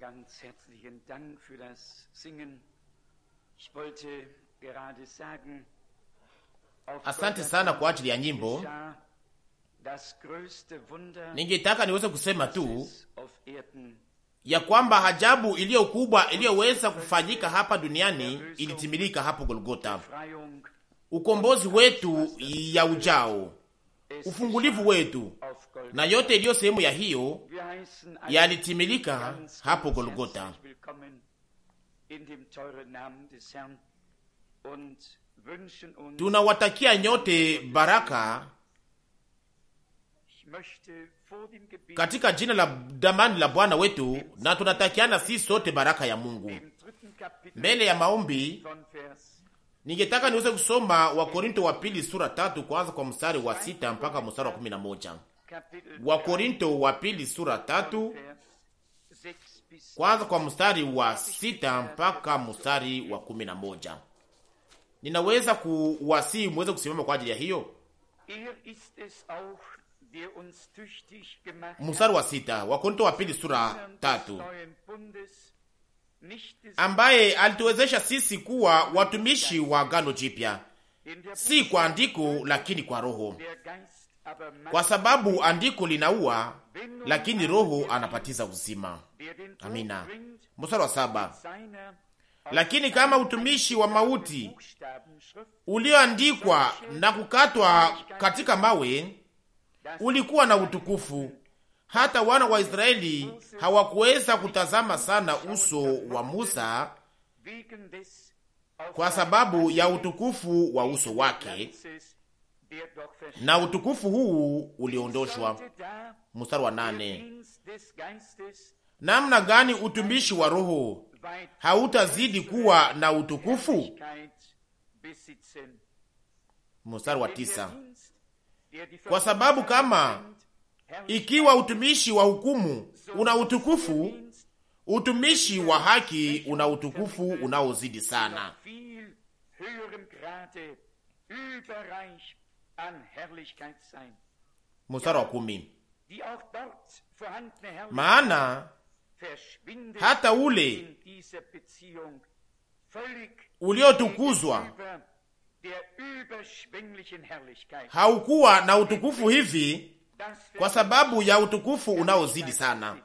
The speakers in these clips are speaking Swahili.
Ganz herzlichen Dank für das Singen. Ich wollte gerade sagen, asante sana kwa ajili ya nyimbo. Ningetaka niweze kusema tu ya kwamba hajabu iliyo kubwa iliyoweza kufanyika hapa duniani ilitimilika hapo Golgota, ukombozi wetu ya ujao ufungulivu wetu, na yote iliyo sehemu ya hiyo yalitimilika hapo Golgota. Tunawatakia nyote baraka katika jina la damani la Bwana wetu, na tunatakiana sisi sote baraka ya Mungu. Mbele ya maombi Ningetaka niweze kusoma Wakorinto wa pili sura tatu kuanza kwa mstari wa sita mpaka mstari wa kumi na moja. Wakorinto wa pili sura tatu kwanza kwa mstari wa sita mpaka mstari wa kumi na moja. Ninaweza kuwasii muweze kusimama kwa ajili ya hiyo er mstari wa sita, Wakorinto wa pili sura tatu ambaye alituwezesha sisi kuwa watumishi wa agano jipya, si kwa andiko, lakini kwa Roho, kwa sababu andiko linaua, lakini Roho anapatiza uzima. Amina. Mstari wa saba. Lakini kama utumishi wa mauti ulioandikwa na kukatwa katika mawe ulikuwa na utukufu hata wana wa Israeli hawakuweza kutazama sana uso wa Musa kwa sababu ya utukufu wa uso wake, na utukufu huu uliondoshwa. Mstari wa nane. Namna gani utumishi wa Roho hautazidi kuwa na utukufu? Mstari wa tisa. Kwa sababu kama ikiwa utumishi wa hukumu una utukufu, utumishi wa haki una utukufu unaozidi sana. Mstari wa kumi. Maana hata ule uliotukuzwa haukuwa na utukufu hivi kwa sababu ya utukufu unaozidi sana.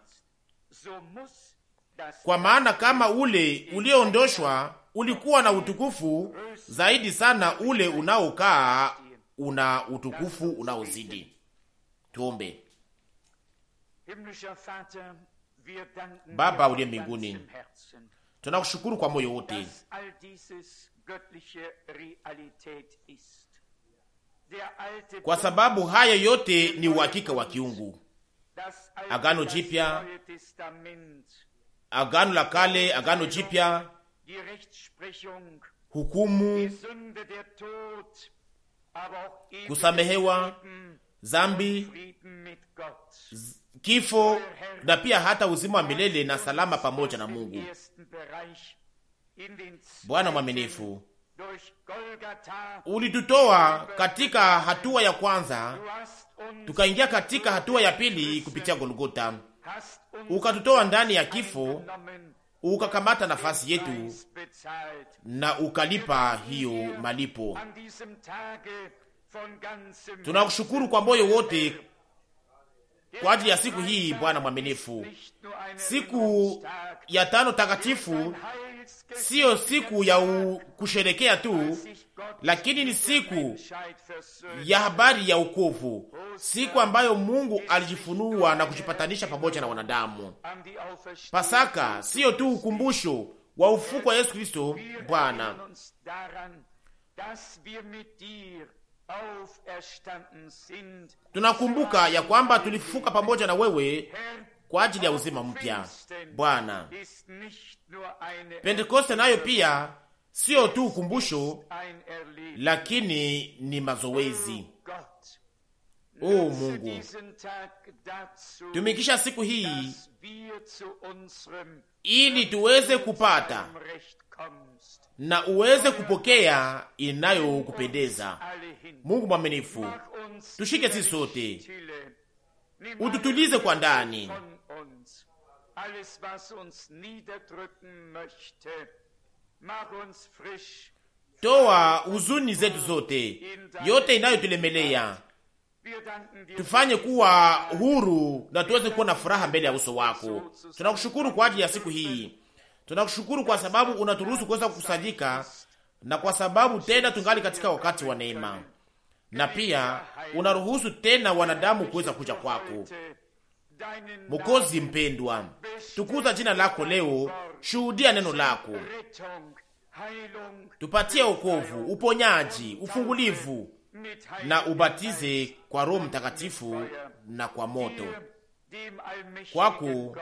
Kwa maana kama ule ulioondoshwa ulikuwa na utukufu zaidi sana, ule unaokaa una utukufu unaozidi. Tuombe. Baba uliye mbinguni, tunakushukuru kwa moyo wote kwa sababu haya yote ni uhakika wa kiungu. Agano Jipya, Agano la Kale, Agano Jipya, hukumu, kusamehewa zambi, kifo na pia hata uzima wa milele na salama pamoja na Mungu. Bwana mwaminifu Ulitutoa katika hatua ya kwanza tukaingia katika hatua ya pili kupitia Golgota, ukatutoa ndani ya kifo, ukakamata nafasi yetu na ukalipa hiyo malipo. Tunakushukuru kwa moyo wote kwa ajili ya siku hii, Bwana mwaminifu, siku ya tano takatifu siyo siku ya u, kusherekea tu, lakini ni siku ya habari ya ukovu, siku ambayo Mungu alijifunua na kujipatanisha pamoja na wanadamu. Pasaka siyo tu ukumbusho wa ufuko wa Yesu Kristo Bwana, tunakumbuka ya kwamba tulifuka pamoja na wewe kwa ajili ya uzima mpya. Bwana, Pentekoste nayo pia siyo tu ukumbusho, lakini ni mazoezi. O Mungu, tumikisha siku hii ili tuweze kupata na uweze kupokea inayokupendeza. Mungu mwaminifu, tushike sisi sote, ututulize kwa ndani uns. Alles, was uns niederdrücken möchte, mach uns frisch. Toa huzuni zetu zote, yote inayotulemelea tufanye kuwa huru na tuweze kuwa na furaha mbele ya uso wako. Tunakushukuru kwa ajili ya siku hii, tunakushukuru kwa sababu unaturuhusu kuweza kukusanyika na kwa sababu tena tungali katika wakati wa neema, na pia unaruhusu tena wanadamu kuweza kuja kwako. Mokozi mpendwa, tukuza jina lako leo, shuhudia neno lako, tupatie okovu, uponyaji, ufungulivu na ubatize kwa Roho Mtakatifu na kwa moto. Kwako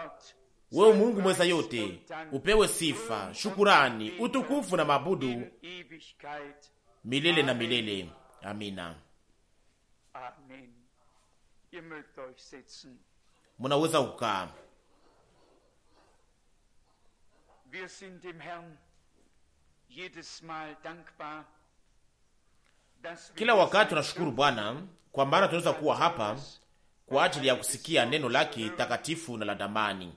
wewe Mungu mweza yote, upewe sifa, shukurani, utukufu na mabudu milele na milele. Amina. Amen munaweza kukaa. Kila wakati tunashukuru Bwana kwa maana tunaweza kuwa hapa kwa ajili ya kusikia neno lake takatifu na la damani.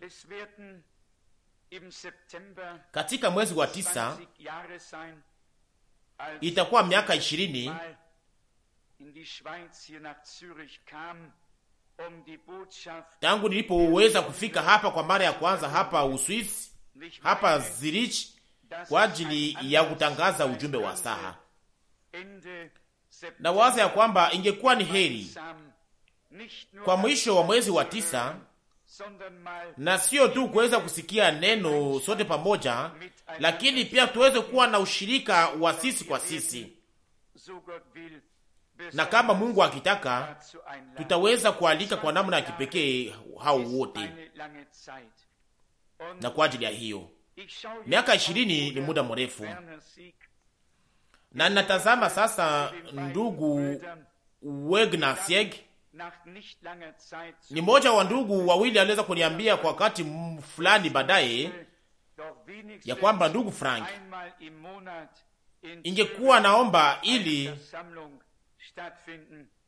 Katika mwezi wa tisa itakuwa miaka ishirini Um tangu nilipoweza kufika hapa kwa mara ya kwanza hapa Uswisi, hapa Zurich kwa ajili ya kutangaza ujumbe wa saha, na waza ya kwamba ingekuwa ni heri kwa mwisho wa mwezi wa tisa, na sio tu kuweza kusikia neno sote pamoja, lakini pia tuweze kuwa na ushirika wa sisi kwa sisi na kama Mungu akitaka tutaweza kualika kwa namna ya kipekee hao wote, na kwa ajili ya hiyo miaka ishirini ni muda mrefu, na natazama sasa, ndugu Wegner Sieg ni mmoja wa ndugu wawili aliweza kuniambia kwa wakati fulani baadaye ya kwamba ndugu Frank, ingekuwa naomba ili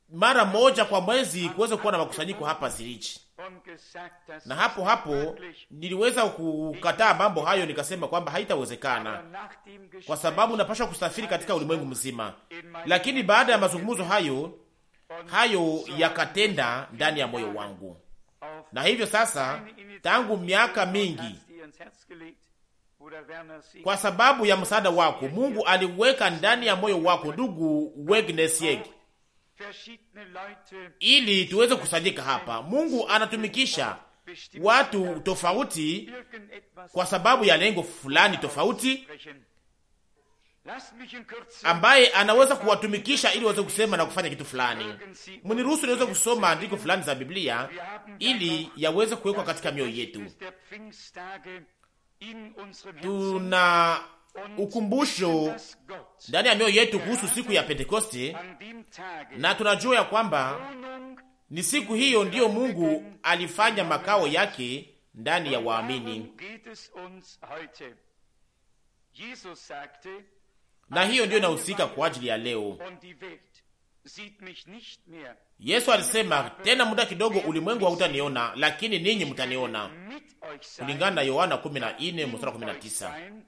mara moja kwa mwezi kuweza kuwa na makusanyiko hapa Zurich, na hapo hapo niliweza kukataa mambo hayo, nikasema kwamba haitawezekana kwa sababu napashwa kusafiri katika ulimwengu mzima. Lakini baada ya mazungumzo hayo hayo yakatenda ndani ya moyo wangu, na hivyo sasa, tangu miaka mingi kwa sababu ya msaada wako Mungu aliweka ndani ya moyo wako ndugu Wegnes Yeg ili tuweze kusanyika hapa. Mungu anatumikisha watu tofauti kwa sababu ya lengo fulani tofauti, ambaye anaweza kuwatumikisha ili waweze kusema na kufanya kitu fulani. Mniruhusu niweze kusoma andiko fulani za Biblia ili yaweze kuwekwa katika mioyo yetu tuna ukumbusho ndani ya mioyo yetu kuhusu siku ya Pentekoste, na tunajua ya kwamba ni siku hiyo ndiyo Mungu alifanya makao yake ndani ya waamini, na hiyo ndiyo inahusika kwa ajili ya leo Yesu alisema tena, muda kidogo ulimwengu hautaniona, lakini ninyi mtaniona, kulingana na Yohana 14 mstari 19.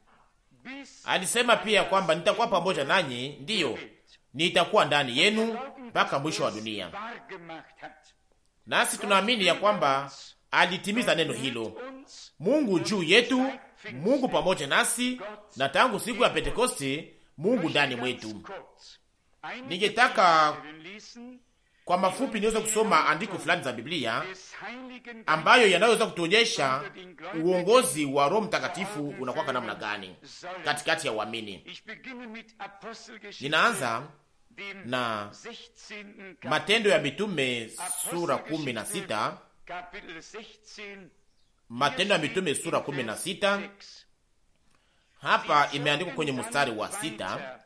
Alisema pia kwamba nitakuwa pamoja nanyi, ndiyo nitakuwa ndani yenu mpaka mwisho wa dunia. Nasi tunaamini ya kwamba alitimiza neno hilo, Mungu juu yetu, Mungu pamoja nasi, na tangu siku ya Pentekoste, Mungu ndani mwetu. Ningetaka kwa mafupi, niweza kusoma andiko fulani za Biblia ambayo yanayoweza kutuonyesha uongozi wa Roho Mtakatifu unakuwa namna gani katikati ya uamini. Ninaanza na Matendo ya Mitume sura kumi na sita Matendo ya Mitume sura kumi na sita Hapa imeandikwa kwenye mstari wa sita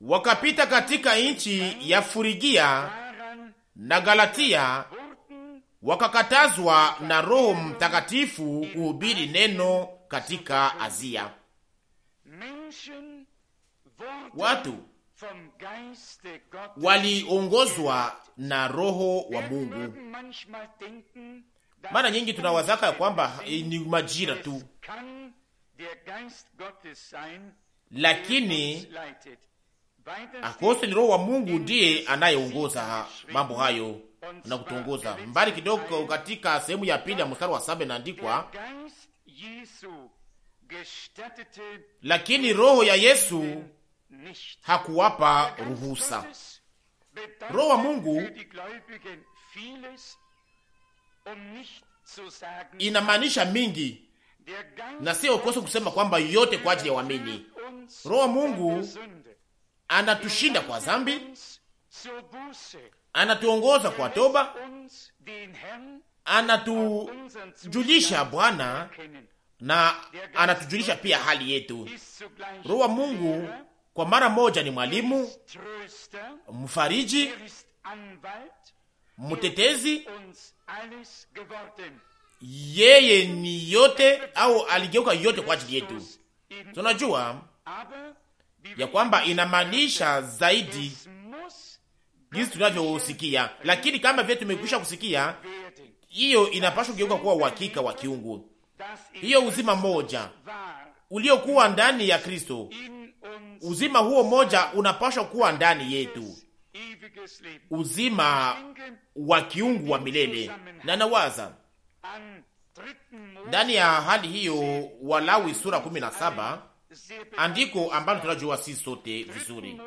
wakapita katika nchi ya Furigia na Galatia, wakakatazwa na Roho Mtakatifu kuhubiri neno katika Azia. Watu waliongozwa na Roho wa Mungu. Mara nyingi tunawazaka ya kwamba eh, ni majira tu, lakini akose ni Roho wa Mungu ndiye anayeongoza mambo hayo na kutongoza. Mbali kidogo katika sehemu ya pili ya mstari wa saba inaandikwa, lakini roho ya Yesu hakuwapa ruhusa. Roho wa Mungu um inamaanisha mingi na sio kosa kusema kwamba yote kwa ajili ya waamini. Roho Mungu anatushinda kwa zambi, anatuongoza kwa toba, anatujulisha Bwana na anatujulisha pia hali yetu. Roho wa Mungu kwa mara moja ni mwalimu, mfariji, mtetezi yeye ni yote au aligeuka yote kwa ajili yetu. Tunajua ya kwamba inamaanisha zaidi jinsi tunavyosikia, lakini kama vile tumekwisha kusikia, hiyo inapaswa kugeuka kuwa uhakika wa kiungu. Hiyo uzima moja uliokuwa ndani ya Kristo, uzima huo moja unapaswa kuwa ndani yetu, uzima wa kiungu wa milele. Na nawaza ndani ya hali hiyo, Walawi sura 17, andiko ambalo tunajua si sote vizuri.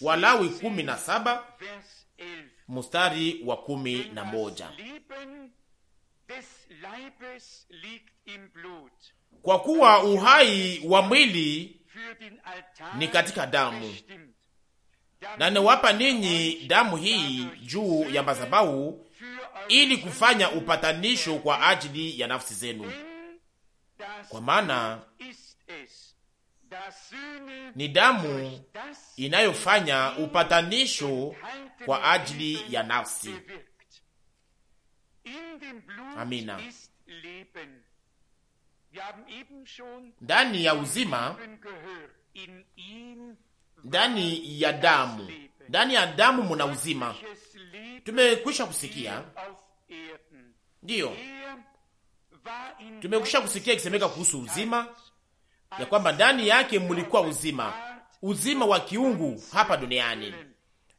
Walawi 17 mstari wa 11, kwa kuwa uhai wa mwili ni katika damu, na niwapa ninyi damu hii juu ya madhabahu ili kufanya upatanisho kwa ajili ya nafsi zenu, kwa maana ni damu inayofanya upatanisho kwa ajili ya nafsi. Amina. Ndani ya uzima, ndani ya damu ndani ya damu muna uzima. Tumekwisha kusikia, ndiyo, tumekwisha kusikia ikisemeka kuhusu uzima ya kwamba ndani yake mulikuwa uzima, uzima wa kiungu hapa duniani,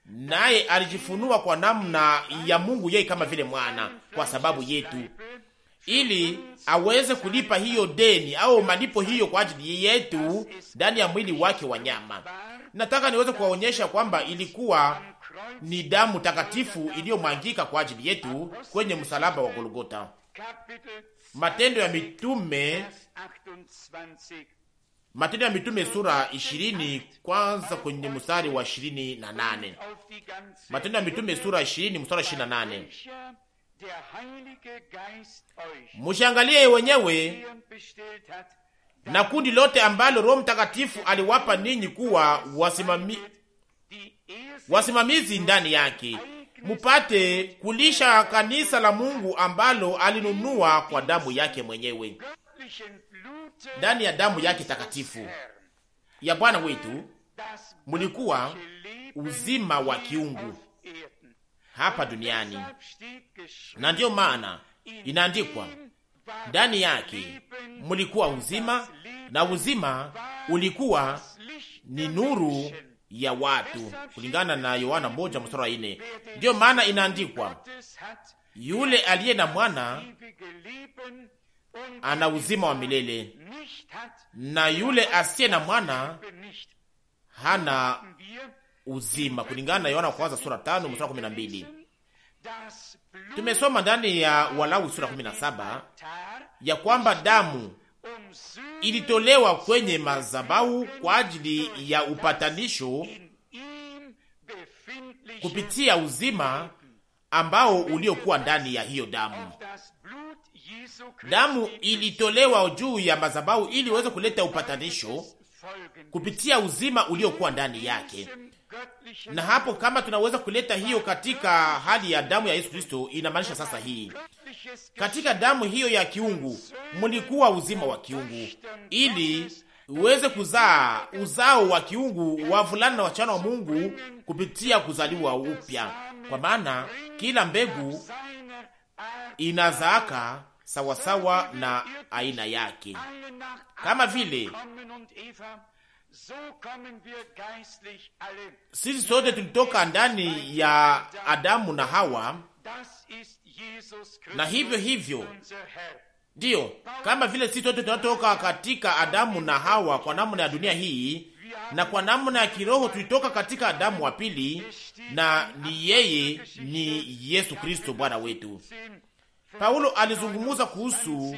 naye alijifunua kwa namna ya Mungu yeye kama vile mwana kwa sababu yetu, ili aweze kulipa hiyo deni au malipo hiyo kwa ajili yetu ndani ya mwili wake wa nyama nataka niweze kuwaonyesha kwamba ilikuwa ni damu takatifu iliyomwagika kwa ajili yetu kwenye msalaba wa Golgota. Matendo ya Mitume, Matendo ya Mitume sura 20 kwanza kwenye mstari wa 28. Matendo ya Mitume sura 20 mstari wa 28. Mushangalie wenyewe na kundi lote ambalo Roho Mtakatifu aliwapa ninyi kuwa wasimami, wasimamizi ndani yake, mupate kulisha kanisa la Mungu ambalo alinunua kwa damu yake mwenyewe, ndani ya damu yake takatifu ya Bwana wetu mulikuwa uzima wa kiungu hapa duniani, na ndiyo maana inaandikwa ndani yake mulikuwa uzima, na uzima ulikuwa ni nuru ya watu, kulingana na Yohana moja mstari wa nne. Ndiyo maana inaandikwa yule aliye na mwana ana uzima wa milele, na yule asiye na mwana hana uzima, kulingana na Yohana kwanza sura tano mstari wa kumi na mbili. Tumesoma ndani ya Walawi sura 17 ya kwamba damu ilitolewa kwenye mazabau kwa ajili ya upatanisho kupitia uzima ambao uliokuwa ndani ya hiyo damu. Damu ilitolewa juu ya mazabau ili iweze kuleta upatanisho kupitia uzima uliokuwa ndani yake. Na hapo kama tunaweza kuleta hiyo katika hali ya damu ya Yesu Kristo, inamaanisha sasa hii katika damu hiyo ya kiungu mlikuwa uzima wa kiungu, ili uweze kuzaa uzao wa kiungu, wavulana na wachana wa Mungu kupitia kuzaliwa upya, kwa maana kila mbegu inazaaka sawasawa na aina yake, kama vile sisi sote tulitoka ndani ya Adamu na Hawa, na hivyo hivyo ndiyo, kama vile sisi sote tunatoka katika Adamu na Hawa kwa namna ya dunia hii, na kwa namna ya kiroho tulitoka katika Adamu wa pili, na ni yeye ni Yesu Kristo Bwana wetu. Paulo alizungumuza kuhusu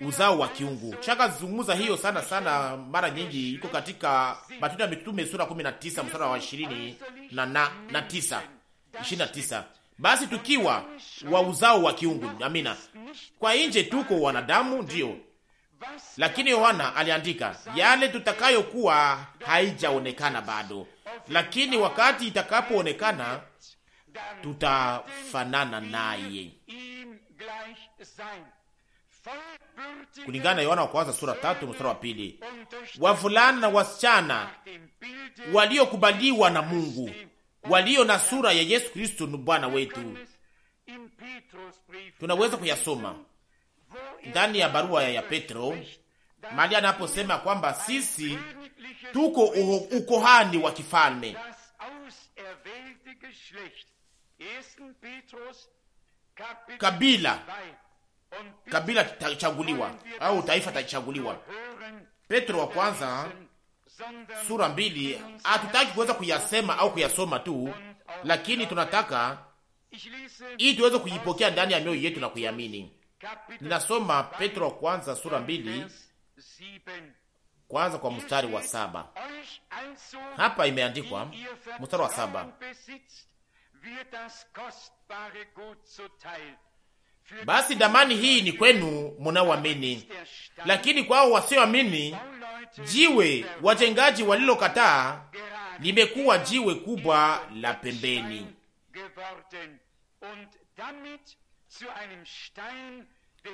uzao wa kiungu. chaka zungumza hiyo sana sana, mara nyingi iko katika Matendo ya Mitume sura 19 mstari wa 20 na na, na 9 29. Basi tukiwa wa uzao wa kiungu, amina. Kwa nje tuko wanadamu ndio lakini Yohana aliandika yale tutakayokuwa haijaonekana bado, lakini wakati itakapoonekana tutafanana naye kulingana na Yohana wa kwanza sura tatu mstari wa pili. Wavulana na wasichana waliokubaliwa na Mungu, walio na sura ya Yesu Kristo ni Bwana wetu. Tunaweza kuyasoma ndani ya barua ya Petro mali anaposema kwamba sisi tuko ukohani wa kifalme kabila kabila tachaguliwa au taifa tachaguliwa. Petro wa kwanza sura mbili. Hatutaki kuweza kuyasema au kuyasoma tu, lakini tunataka ili tuweze kuipokea ndani ya mioyo yetu na kuiamini. Ninasoma Petro wa kwanza sura mbili kwanza kwa mstari wa saba. Hapa imeandikwa mstari wa saba basi damani hii ni kwenu munaoamini, lakini kwao wasioamini, jiwe wajengaji walilokataa limekuwa jiwe kubwa la pembeni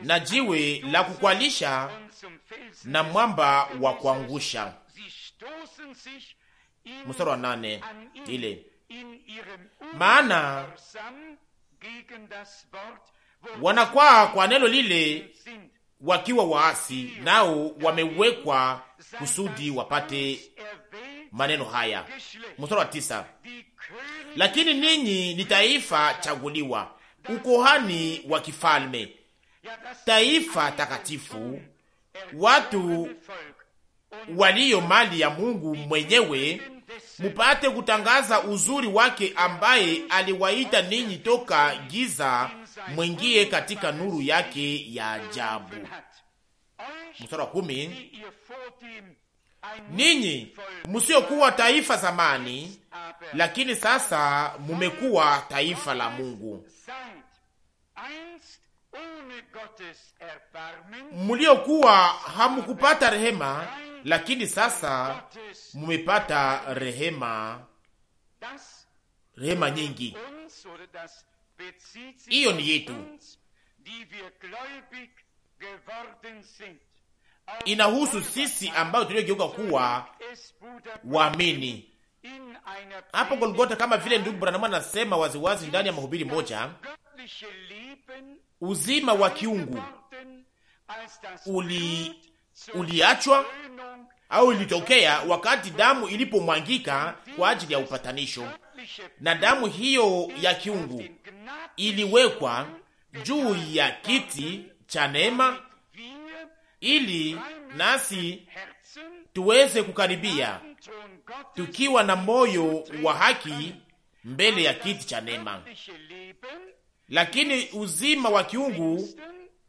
na jiwe la kukwalisha na mwamba wa kuangusha. Mstari wa nane ile maana wanakwaa kwa neno lile wakiwa waasi, nao wamewekwa kusudi wapate maneno haya. Mstari wa tisa: lakini ninyi ni taifa chaguliwa, ukohani wa kifalme, taifa takatifu, watu walio mali ya Mungu mwenyewe, mupate kutangaza uzuri wake ambaye aliwaita ninyi toka giza mwingie katika nuru yake ya ajabu. Mstari wa kumi, ninyi msiokuwa taifa zamani, lakini sasa mumekuwa taifa la Mungu, muliokuwa hamukupata rehema, lakini sasa mumepata rehema, rehema nyingi hiyo ni yetu, inahusu sisi ambayo tuliogeuka kuwa waamini hapo Golgota, kama vile ndugu Branamu anasema waziwazi ndani ya mahubiri moja, uzima wa kiungu uli uliachwa au ilitokea wakati damu ilipomwangika kwa ajili ya upatanisho na damu hiyo ya kiungu iliwekwa juu ya kiti cha neema ili nasi tuweze kukaribia tukiwa na moyo wa haki mbele ya kiti cha neema. Lakini uzima wa kiungu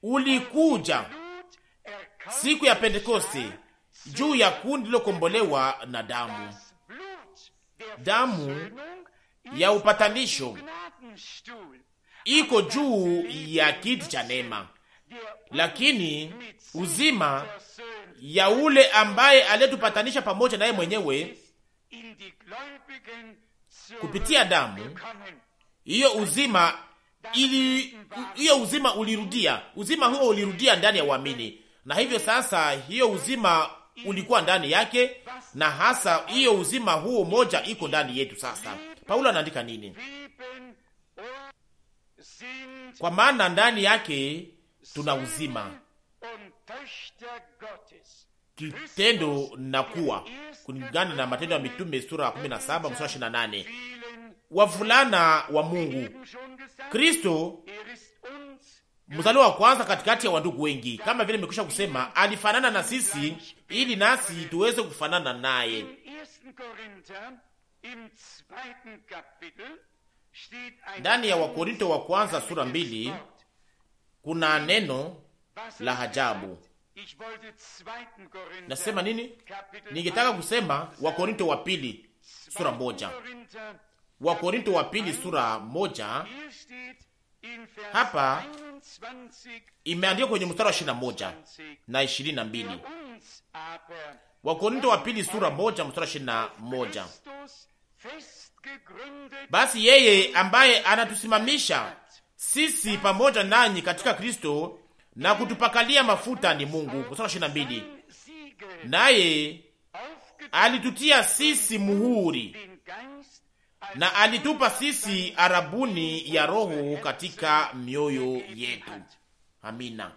ulikuja siku ya Pentekoste juu ya kundi lilokombolewa na damu. Damu ya upatanisho iko juu ya kiti cha neema, lakini uzima ya ule ambaye aliyetupatanisha pamoja naye mwenyewe kupitia damu hiyo, uzima ili hiyo uzima ulirudia, uzima huo ulirudia ndani ya uamini, na hivyo sasa hiyo uzima ulikuwa ndani yake, na hasa hiyo uzima huo moja iko ndani yetu sasa Paulo anaandika nini? Kwa maana ndani yake tuna uzima, kitendo na kuwa kulingana na Matendo ya Mitume sura ya 17 mstari 28, wavulana wa Mungu, Kristo mzaliwa wa kwanza katikati ya wandugu wengi. Kama vile nimekwisha kusema, alifanana na sisi ili nasi tuweze kufanana naye. Ndani ya Wakorinto wa kwanza sura mbili kuna neno la hajabu. Nasema nini? Ningetaka kusema Wakorinto wa pili sura moja, Wakorinto wa pili sura moja. Hapa imeandikwa kwenye mstari wa ishirini na moja na ishirini na mbili Wakorinto wa pili sura moja mstari wa ishirini na moja basi yeye ambaye anatusimamisha sisi pamoja nanyi katika Kristo na kutupakalia mafuta ni Mungu. Mstari naye alitutia sisi muhuri na alitupa sisi arabuni ya Roho katika mioyo yetu. Amina.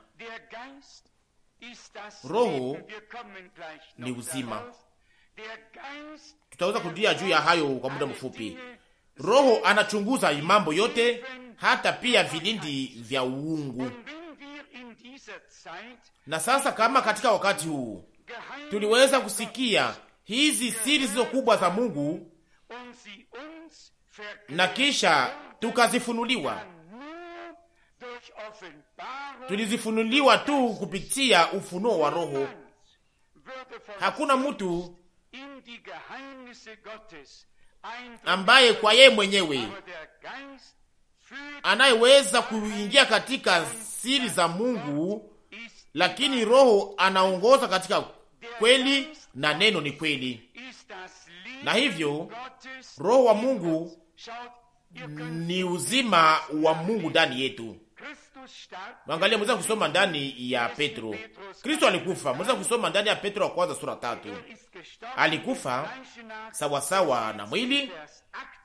Roho ni uzima Tutaweza kurudia juu ya hayo kwa muda mfupi. Roho anachunguza mambo yote, hata pia vilindi vya uungu. Na sasa kama katika wakati huu tuliweza kusikia hizi siri zizo kubwa za Mungu na kisha tukazifunuliwa, tulizifunuliwa tu kupitia ufunuo wa Roho. Hakuna mtu ambaye kwa yeye mwenyewe anayeweza kuingia katika siri za Mungu, lakini Roho anaongoza katika kweli na neno ni kweli. Na hivyo Roho wa Mungu ni uzima wa Mungu ndani yetu. Mwangalia, mweza kusoma ndani ya Petro. Kristo alikufa, mweza kusoma ndani ya Petro wa kwanza sura tatu. Alikufa sawa sawa na mwili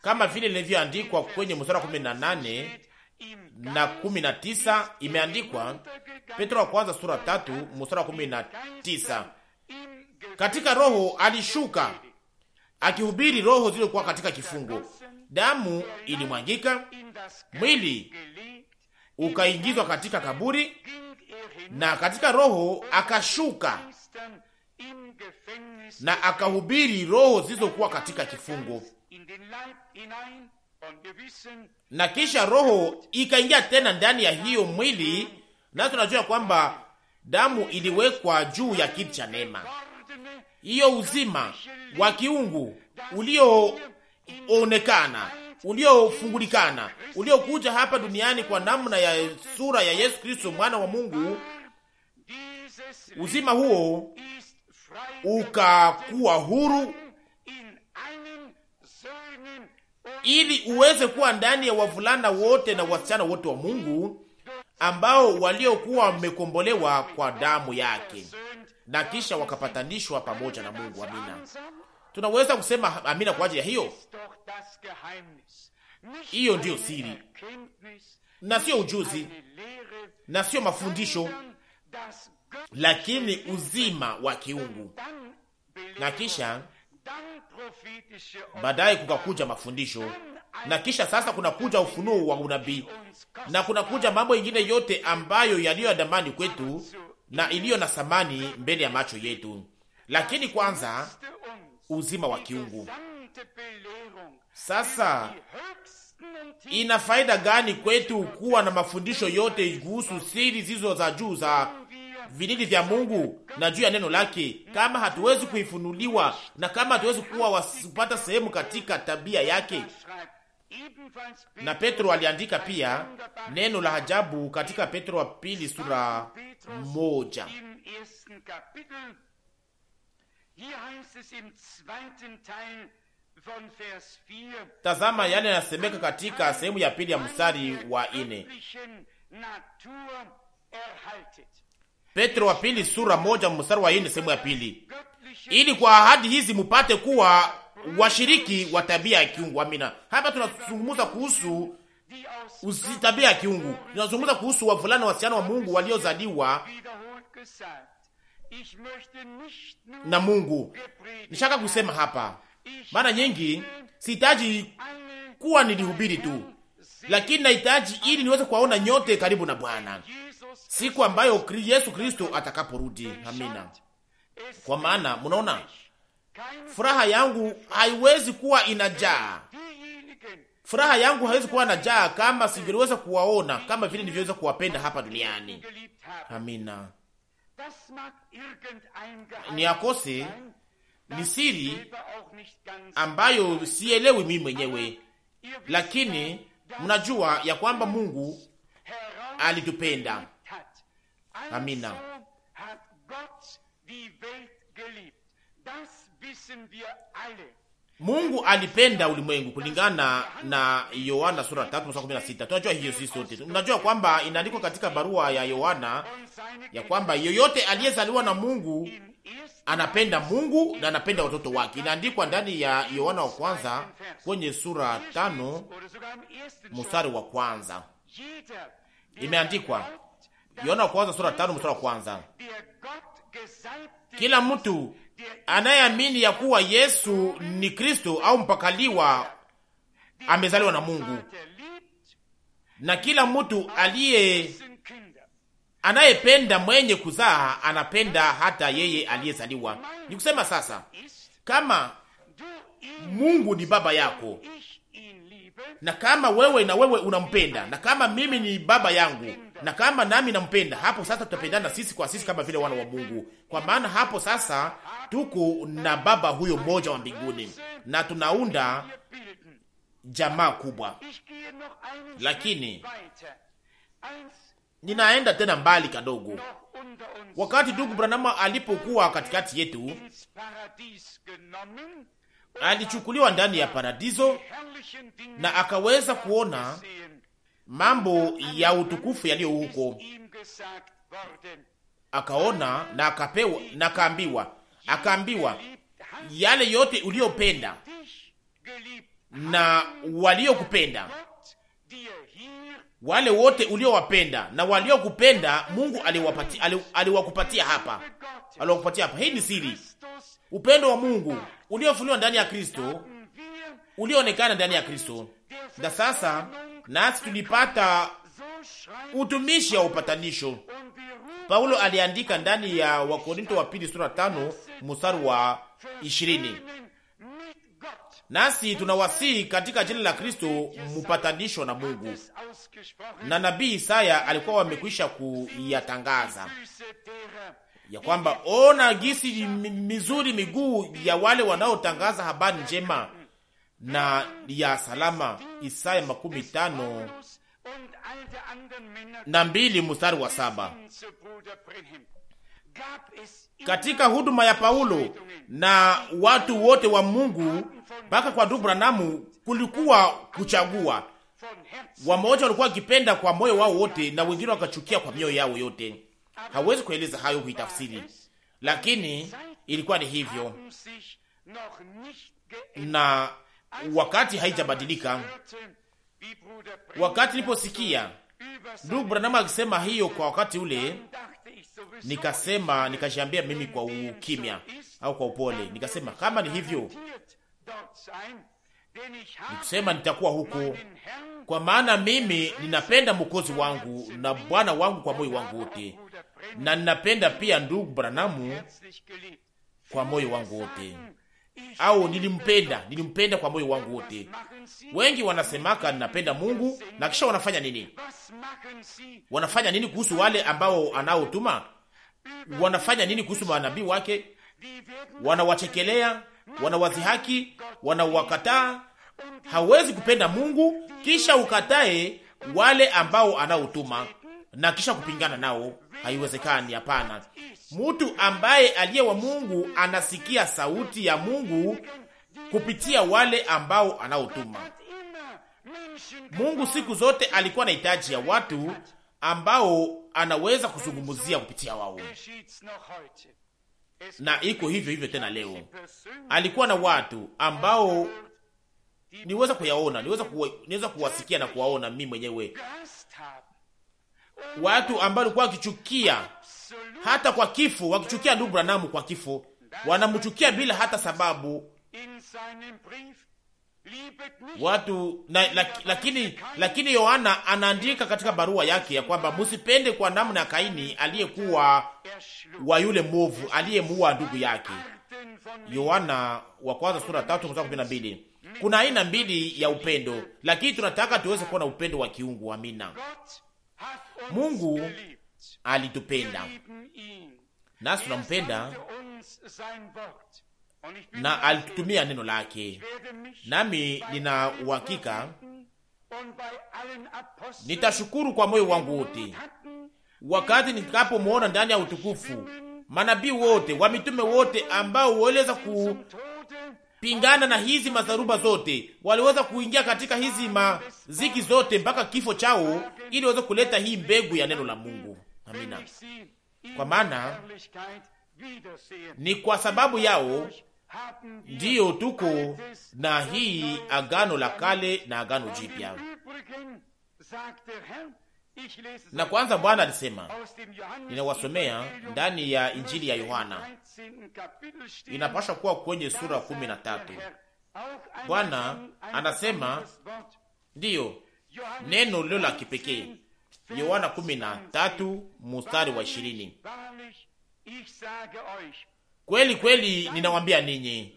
kama vile ilivyoandikwa kwenye mstari wa 18 na 19, imeandikwa Petro wa kwanza sura tatu mstari wa 19, katika roho alishuka akihubiri roho zilizokuwa katika kifungo, damu ilimwangika, mwili ukaingizwa katika kaburi, na katika roho akashuka na akahubiri roho zilizokuwa katika kifungo, na kisha roho ikaingia tena ndani ya hiyo mwili, na tunajua kwamba damu iliwekwa juu ya kiti cha neema. Hiyo uzima wa kiungu ulioonekana uliofungulikana uliokuja hapa duniani kwa namna ya sura ya Yesu Kristo mwana wa Mungu, uzima huo ukakuwa huru ili uweze kuwa ndani ya wavulana wote na wasichana wote wa Mungu ambao waliokuwa wamekombolewa kwa damu yake na kisha wakapatanishwa pamoja na Mungu. Amina tunaweza kusema amina kwa ajili ya hiyo. Hiyo ndiyo siri na sio ujuzi na sio mafundisho, lakini uzima wa kiungu, na kisha baadaye kukakuja mafundisho, na kisha sasa kunakuja ufunuo wa unabii, na kunakuja mambo ingine yote ambayo yaliyo ya damani kwetu na iliyo na thamani mbele ya macho yetu, lakini kwanza uzima wa kiungu. Sasa ina faida gani kwetu kuwa na mafundisho yote kuhusu siri zizo za juu za vilindi vya Mungu na juu ya neno lake, kama hatuwezi kuifunuliwa na kama hatuwezi kuwa wasipata sehemu katika tabia yake? Na Petro aliandika pia neno la ajabu katika Petro wa pili sura moja Tazama yale yanasemeka katika sehemu ya pili ya mstari wa ine. Petro wa pili sura moja mstari wa ine sehemu ya pili, ili kwa ahadi hizi mupate kuwa washiriki wa tabia ya kiungu. Amina. Hapa tunazungumza kuhusu tabia ya kiungu, tunazungumza kuhusu wavulana wasichana wa Mungu waliozaliwa na Mungu. Nishaka kusema hapa mara nyingi, sihitaji kuwa nilihubiri tu, lakini nahitaji ili niweze kuwaona nyote karibu na Bwana siku ambayo Yesu Kristo atakaporudi. Amina. Kwa maana mnaona, furaha yangu haiwezi kuwa inajaa, furaha yangu haiwezi kuwa inajaa kama singeweza kuwaona kama vile nilivyoweza kuwapenda hapa duniani. Amina ni akose, ni siri ambayo sielewi mimi mwenyewe, lakini mnajua ya kwamba Mungu alitupenda. Amina. Mungu alipenda ulimwengu kulingana na Yohana sura 16. Tunajua hiyo sisi sote. Tunajua kwamba inaandikwa katika barua ya Yohana ya kwamba yoyote aliyezaliwa na Mungu anapenda Mungu na anapenda watoto wake. Inaandikwa ndani ya Yohana wa kwanza kwenye sura 5 mstari wa kwanza. Imeandikwa Yohana wa kwanza sura 5 mstari wa kwanza. Kila mtu anayeamini ya kuwa Yesu ni Kristo au mpakaliwa amezaliwa na Mungu, na kila mtu aliye anayependa mwenye kuzaa anapenda hata yeye aliyezaliwa. Ni kusema sasa, kama Mungu ni baba yako na kama wewe na wewe unampenda na kama mimi ni baba yangu na kama nami nampenda, hapo sasa tutapendana sisi kwa sisi kama vile wana wa Mungu, kwa maana hapo sasa tuko na baba huyo mmoja wa mbinguni na tunaunda jamaa kubwa. Lakini ninaenda tena mbali kadogo. Wakati ndugu Branham alipokuwa katikati yetu, alichukuliwa ndani ya paradiso na akaweza kuona mambo ya utukufu yaliyo huko, akaona na akapewa na akaambiwa, akaambiwa yale yote uliyopenda na waliokupenda wale wote uliowapenda na waliokupenda Mungu aliwapatia, aliwakupatia hapa, aliwakupatia hapa. Hii ni siri, upendo wa Mungu uliofunuliwa ndani ya Kristo, ulioonekana ndani ya Kristo. Na sasa nasi tulipata utumishi ya upatanisho. Paulo aliandika ndani ya Wakorinto wa pili sura tano mstari wa ishirini nasi tunawasihi katika jina la Kristo mupatanisho na Mungu, na nabii Isaya alikuwa wamekwisha kuyatangaza ya kwamba ona gisi mizuri miguu ya wale wanaotangaza habari njema na ya salama Isaya makumi tano na mbili mstari wa saba. Katika huduma ya Paulo na watu wote wa Mungu mpaka kwa ndugu Branamu kulikuwa kuchagua, wamoja walikuwa wakipenda kwa moyo wao wote na wengine wakachukia kwa mioyo yao yote. Hawezi kueleza hayo kuitafsiri, lakini ilikuwa ni hivyo na wakati haijabadilika. Wakati niliposikia ndugu Branham akisema hiyo kwa wakati ule, nikasema nikajiambia mimi kwa ukimya au kwa upole, nikasema kama ni hivyo, nikusema nitakuwa huko, kwa maana mimi ninapenda mwokozi wangu na Bwana wangu kwa moyo wangu wote, na ninapenda pia ndugu Branamu kwa moyo wangu wote au nilimpenda, nilimpenda kwa moyo wangu wote. Wengi wanasemaka ninapenda Mungu na kisha wanafanya nini? Wanafanya nini kuhusu wale ambao anaotuma? Wanafanya nini kuhusu manabii wake? Wanawachekelea, wanawazihaki, wanawakataa. Hawezi kupenda Mungu kisha ukatae wale ambao anaotuma na kisha kupingana nao haiwezekani. Hapana, mtu ambaye aliye wa Mungu anasikia sauti ya Mungu kupitia wale ambao anaotuma. Mungu siku zote alikuwa na hitaji ya watu ambao anaweza kuzungumzia kupitia wao, na iko hivyo hivyo tena leo. Alikuwa na watu ambao niweza kuyaona, niweza kuwa, niweza kuwasikia na kuwaona mimi mwenyewe watu ambao walikuwa wakichukia hata kwa kifo, wakichukia ndugu Branamu kwa kifo, wanamchukia bila hata sababu watu na, lak, lakini lakini Yohana anaandika katika barua yake ya kwamba musipende kwa namna ya Kaini aliyekuwa wa yule mwovu aliyemuua ndugu yake. Yohana wa kwanza sura tatu mstari kumi mbili. Kuna aina mbili ya upendo, lakini tunataka tuweze kuwa na upendo wa kiungu. Amina. Mungu alitupenda nasi tunampenda na alitutumia neno lake, nami nina uhakika nitashukuru kwa moyo wangu wote wakati nitakapomwona ndani ya utukufu manabii wote wa mitume wote ambao waliweza pingana na hizi madharuba zote, waliweza kuingia katika hizi maziki zote mpaka kifo chao, ili waweze kuleta hii mbegu ya neno la Mungu. Amina. Kwa maana ni kwa sababu yao ndiyo tuko na hii Agano la Kale na Agano Jipya. Na kwanza Bwana alisema, ninawasomea ndani ya Injili ya Yohana, inapasha kuwa kwenye sura kumi na tatu. Bwana anasema ndiyo neno lilo la kipekee. Yohana kumi na tatu mustari wa ishirini. Kweli kweli ninawambia ninyi,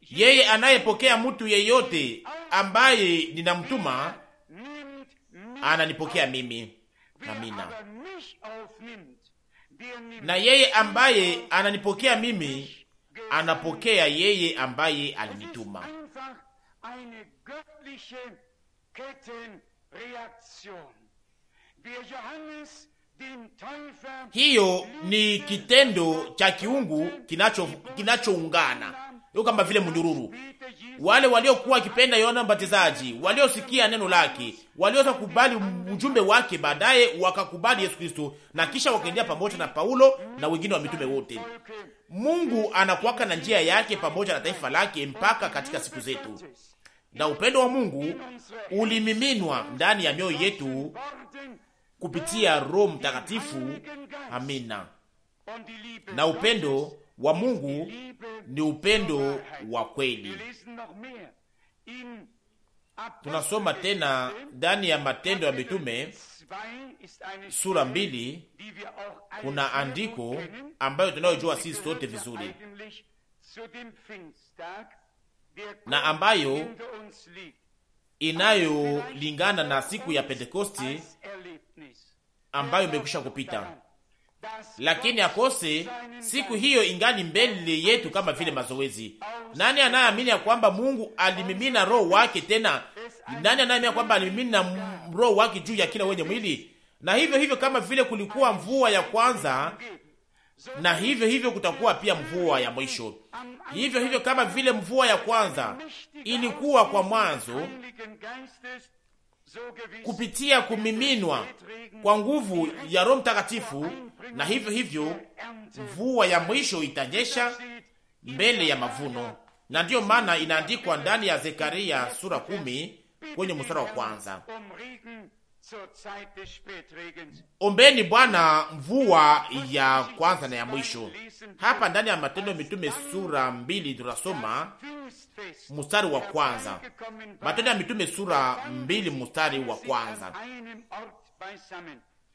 yeye anayepokea mtu yeyote ambaye ninamtuma ananipokea mimi, amina. Na yeye ambaye ananipokea mimi anapokea yeye ambaye alinituma. Hiyo ni kitendo cha kiungu kinachoungana kinacho Iko kama vile mnyururu. Wale waliokuwa wakipenda Yohana Mbatizaji, waliosikia neno lake, walioweza kubali ujumbe wake, baadaye wakakubali Yesu Kristo, na kisha wakaendea pamoja na Paulo na wengine wa mitume wote. Mungu anakuwaka na njia yake pamoja na taifa lake mpaka katika siku zetu, na upendo wa Mungu ulimiminwa ndani ya mioyo yetu kupitia Roho Mtakatifu. Amina. Na upendo wa Mungu ni upendo wa kweli. Tunasoma tena ndani ya Matendo ya Mitume sura mbili, kuna andiko ambayo tunayojua sisi sote vizuri na ambayo inayolingana na siku ya Pentekosti ambayo imekwisha kupita lakini akose siku hiyo ingali mbele yetu kama vile mazoezi. Nani anayeamini ya kwamba Mungu alimimina roho wake tena? Nani anayeamini kwamba alimimina roho wake juu ya kila wenye mwili? Na hivyo hivyo, kama vile kulikuwa mvua ya kwanza, na hivyo hivyo kutakuwa pia mvua ya mwisho. Hivyo hivyo, kama vile mvua ya kwanza ilikuwa kwa mwanzo kupitia kumiminwa kwa nguvu ya Roho Mtakatifu, na hivyo hivyo mvua ya mwisho itanyesha mbele ya mavuno. Na ndiyo maana inaandikwa ndani ya Zekaria sura kumi kwenye mstari wa kwanza, ombeni Bwana mvua ya kwanza na ya mwisho. Hapa ndani ya Matendo ya Mitume sura mbili tunasoma mstari wa kwanza. Matendo ya Mitume sura mbili mstari wa kwanza.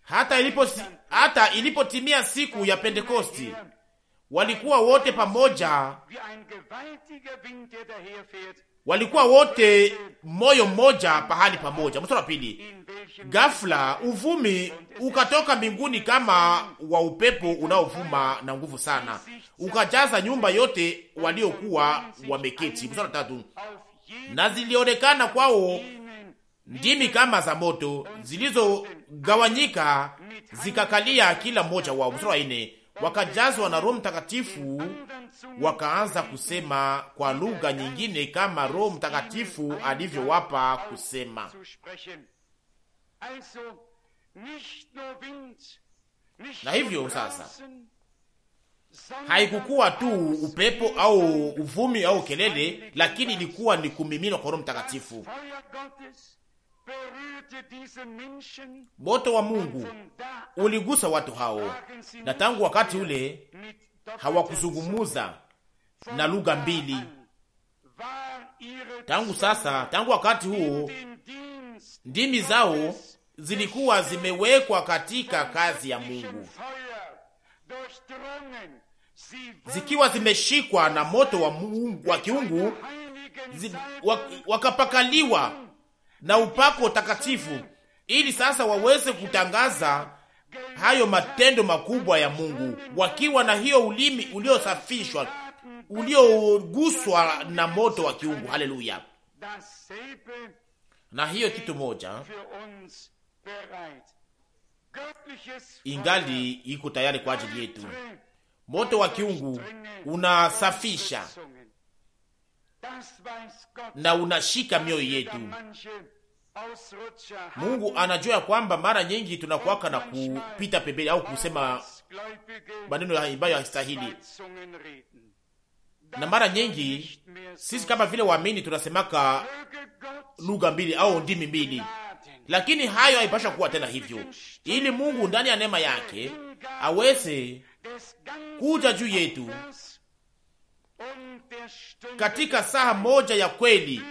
Hata ilipo hata ilipotimia siku ya Pentekosti, walikuwa wote pamoja walikuwa wote moyo mmoja pahali pamoja. Mstari wa pili, ghafla uvumi ukatoka mbinguni kama wa upepo unaovuma na nguvu sana, ukajaza nyumba yote waliokuwa wameketi. Mstari wa tatu, na zilionekana kwao ndimi kama za moto zilizogawanyika zikakalia kila mmoja wao. Mstari wa nne wakajazwa na Roho Mtakatifu, wakaanza kusema kwa lugha nyingine kama Roho Mtakatifu alivyowapa kusema. Na hivyo sasa haikukuwa tu upepo au uvumi au kelele, lakini ilikuwa ni kumiminwa kwa Roho Mtakatifu. Moto wa Mungu uligusa watu hao, na tangu wakati ule hawakuzungumuza na lugha mbili. Tangu sasa, tangu wakati huo, ndimi zao zilikuwa zimewekwa katika kazi ya Mungu, zikiwa zimeshikwa na moto wa Mungu wa kiungu, wakapakaliwa na upako takatifu, ili sasa waweze kutangaza hayo matendo makubwa ya Mungu, wakiwa na hiyo ulimi uliosafishwa ulioguswa na moto wa kiungu. Haleluya! Na hiyo kitu moja ingali iko tayari kwa ajili yetu. Moto wa kiungu unasafisha na unashika mioyo yetu. Mungu anajua kwamba mara nyingi tunakuwaka na kupita pembeni au kusema maneno ambayo hayastahili, na mara nyingi sisi kama vile waamini tunasemaka lugha mbili au ndimi mbili, lakini hayo haipasha kuwa tena hivyo, ili Mungu ndani ya neema yake aweze kuja juu yetu katika saha moja ya kweli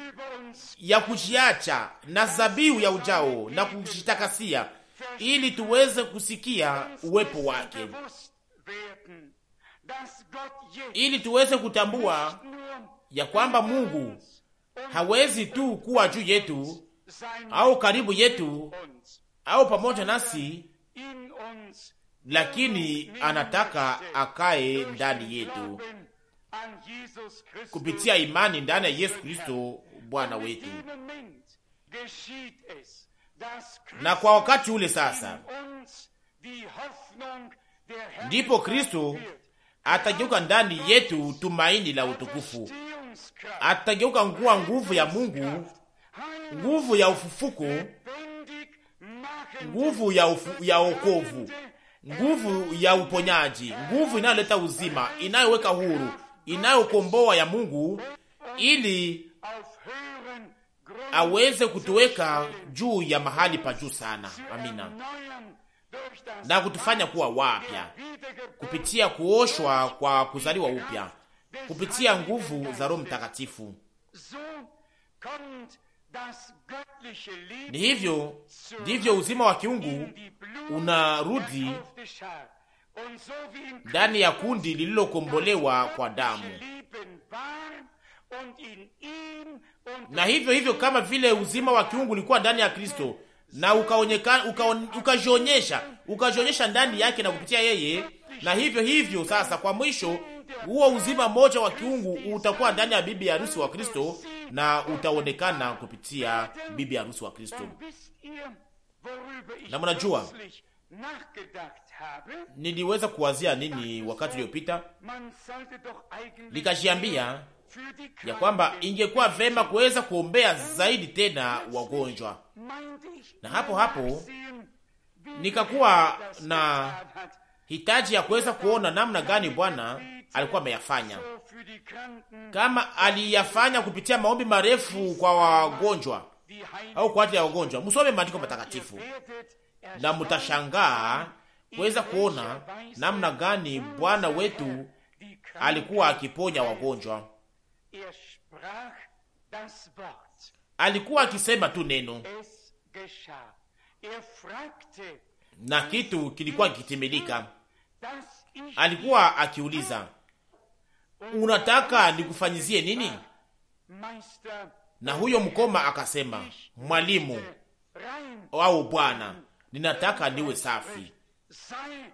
ya kujiacha na zabihu ya ujao na kujitakasia, ili tuweze kusikia uwepo wake, ili tuweze kutambua ya kwamba Mungu hawezi tu kuwa juu yetu au karibu yetu au pamoja nasi, lakini anataka akae ndani yetu kupitia imani ndani ya Yesu Kristo Bwana wetu. Na kwa wakati ule sasa ndipo Kristo atageuka ndani yetu tumaini la utukufu, atageuka nguwa nguvu ya Mungu, nguvu ya ufufuko, nguvu ya, ufu, ya okovu, nguvu ya uponyaji, nguvu inayoleta uzima, inayoweka huru, inayokomboa ya Mungu ili aweze kutuweka juu ya mahali pa juu sana, amina, na kutufanya kuwa wapya kupitia kuoshwa kwa kuzaliwa upya kupitia nguvu za Roho Mtakatifu. Ni hivyo ndivyo uzima wa kiungu unarudi ndani ya kundi lililokombolewa kwa damu na hivyo hivyo kama vile uzima wa kiungu ulikuwa ndani ya Kristo na ukajionyesha uka, ukajionyesha ndani yake na kupitia yeye, na hivyo hivyo sasa, kwa mwisho huo uzima mmoja wa kiungu utakuwa ndani ya bibi harusi wa Kristo na utaonekana kupitia bibi harusi wa Kristo. Na mnajua niliweza kuwazia nini wakati uliopita, nikajiambia ya kwamba ingekuwa vema kuweza kuombea zaidi tena wagonjwa, na hapo hapo nikakuwa na hitaji ya kuweza kuona namna gani Bwana alikuwa ameyafanya, kama aliyafanya kupitia maombi marefu kwa wagonjwa au kwa ajili ya wagonjwa. Msome maandiko matakatifu na mtashangaa kuweza kuona namna gani Bwana wetu alikuwa akiponya wagonjwa. Er alikuwa akisema tu neno er na kitu kilikuwa kitimilika Alikuwa akiuliza, unataka er nikufanyizie nini? Na huyo mkoma akasema, mwalimu au bwana, ninataka niwe safi.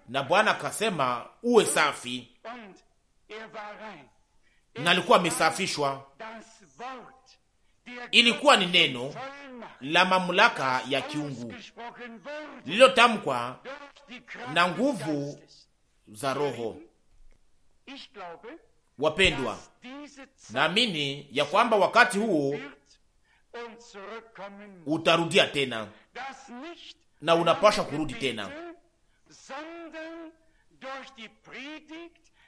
Na Bwana akasema, uwe safi na alikuwa amesafishwa. Ilikuwa ni neno la mamlaka ya kiungu lililotamkwa na nguvu za Roho. Wapendwa, naamini ya kwamba wakati huo utarudia tena na unapasha kurudi tena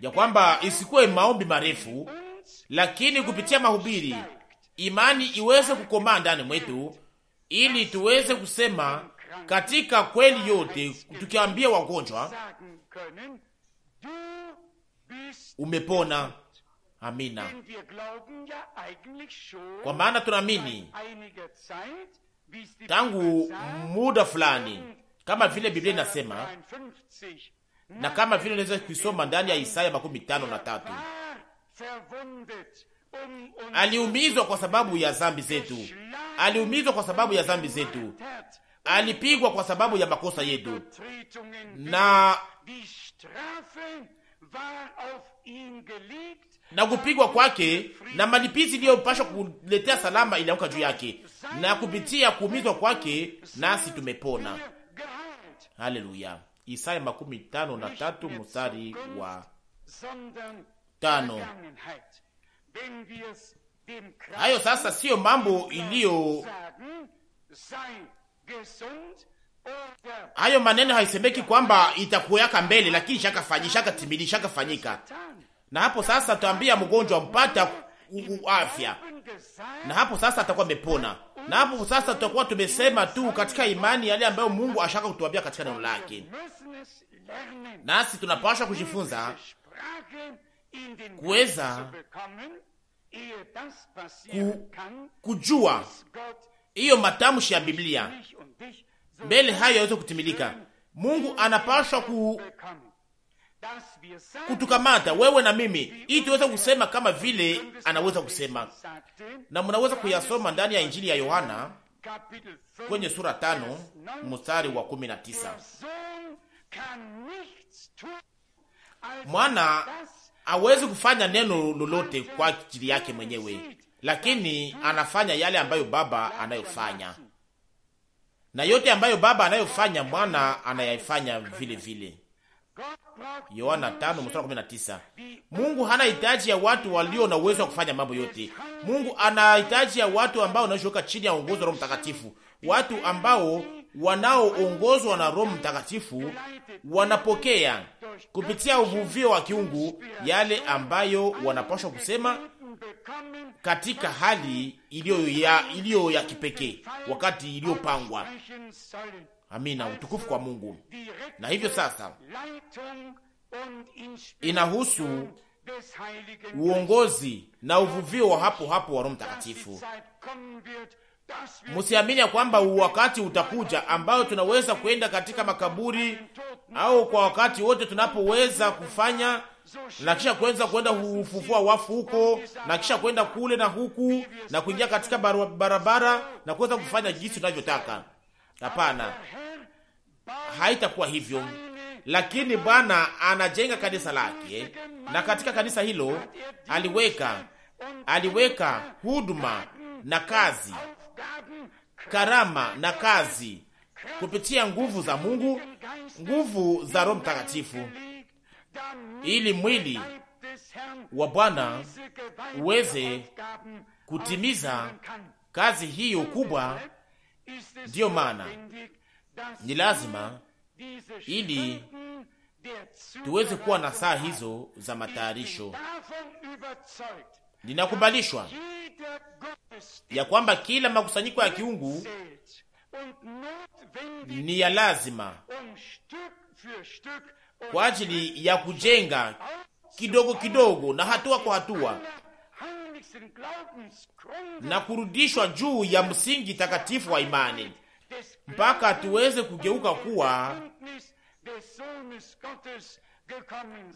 ya kwamba isikuwe maombi marefu, lakini kupitia mahubiri imani iweze kukomaa ndani mwetu, ili tuweze kusema katika kweli yote, tukiambia wagonjwa umepona. Amina. Kwa maana tunaamini tangu muda fulani, kama vile Biblia inasema na kama vile unaweza kuisoma ndani ya Isaya makumi tano na tatu aliumizwa kwa sababu ya zambi zetu, aliumizwa kwa sababu ya zambi zetu, alipigwa kwa sababu ya makosa yetu, na na kupigwa kwake na malipizi iliyopashwa kuletea salama ilianguka juu yake, na kupitia kuumizwa kwake nasi tumepona. Haleluya! Isaya makumi tano na tatu mstari wa tano. Hayo sasa siyo mambo iliyo hayo maneno haisemeki kwamba itakuweka mbele, lakini shakafanyika shakatimili shakafanyika. Na hapo sasa tuambia mgonjwa mpata afya, na hapo sasa atakuwa amepona na hapo sasa tutakuwa tumesema tu katika imani yale ambayo Mungu ashaka kutuambia katika neno lake, nasi tunapaswa kujifunza kuweza ku, kujua hiyo matamshi ya Biblia mbele hayo yaweze kutimilika. Mungu anapaswa ku kutukamata wewe na mimi, ili tuweze kusema kama vile anaweza kusema, na mnaweza kuyasoma ndani ya Injili ya Yohana kwenye sura tano mstari wa kumi na tisa mwana hawezi kufanya neno lolote kwa ajili yake mwenyewe, lakini anafanya yale ambayo baba anayofanya, na yote ambayo baba anayofanya mwana anayafanya vile vile. Yohana 5:19. Mungu hana hitaji ya watu walio na uwezo wa kufanya mambo yote. Mungu ana ya watu ambao wanaoshika chini ya uongozi wa Roho Mtakatifu, watu ambao wanaoongozwa na Roho Mtakatifu wanapokea kupitia uvuvio wa kiungu yale ambayo wanapaswa kusema katika hali iliyo ya, iliyo ya kipekee wakati iliyopangwa. Amina, utukufu kwa Mungu. Na hivyo sasa inahusu uongozi na uvuvio wa hapo hapo wa Roho Mtakatifu. musiamini ya kwamba wakati utakuja ambao tunaweza kwenda katika makaburi au kwa wakati wote tunapoweza kufanya na kisha kuweza kwenda kufufua wafu huko na kisha kwenda kule na huku na kuingia katika barabara na kuweza kufanya jinsi tunavyotaka. Hapana, haitakuwa hivyo, lakini Bwana anajenga kanisa lake, na katika kanisa hilo aliweka aliweka huduma na kazi, karama na kazi, kupitia nguvu za Mungu, nguvu za Roho Mtakatifu, ili mwili wa Bwana uweze kutimiza kazi hiyo kubwa Ndiyo maana ni lazima ili tuweze kuwa na saa hizo za matayarisho. Ninakubalishwa ya kwamba kila makusanyiko ya kiungu ni ya lazima kwa ajili ya kujenga kidogo kidogo na hatua kwa hatua na kurudishwa juu ya msingi takatifu wa imani mpaka tuweze kugeuka kuwa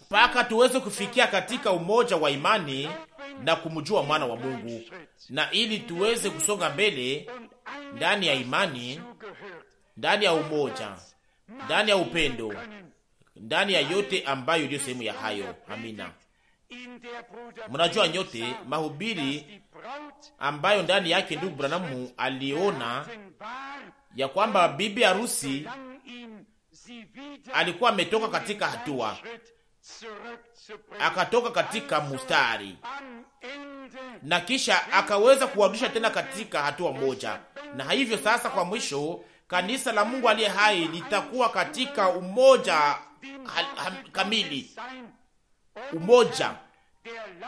mpaka tuweze kufikia katika umoja wa imani na kumjua mwana wa Mungu, na ili tuweze kusonga mbele ndani ya imani, ndani ya umoja, ndani ya upendo, ndani ya yote ambayo ndiyo sehemu ya hayo. Amina. Mnajua nyote mahubiri ambayo ndani yake ndugu Branamu aliona ya kwamba bibi harusi alikuwa ametoka katika hatua, akatoka katika mustari, na kisha akaweza kuwarudisha tena katika hatua moja. Na hivyo sasa, kwa mwisho, kanisa la Mungu aliye hai litakuwa katika umoja ha, ha, kamili umoja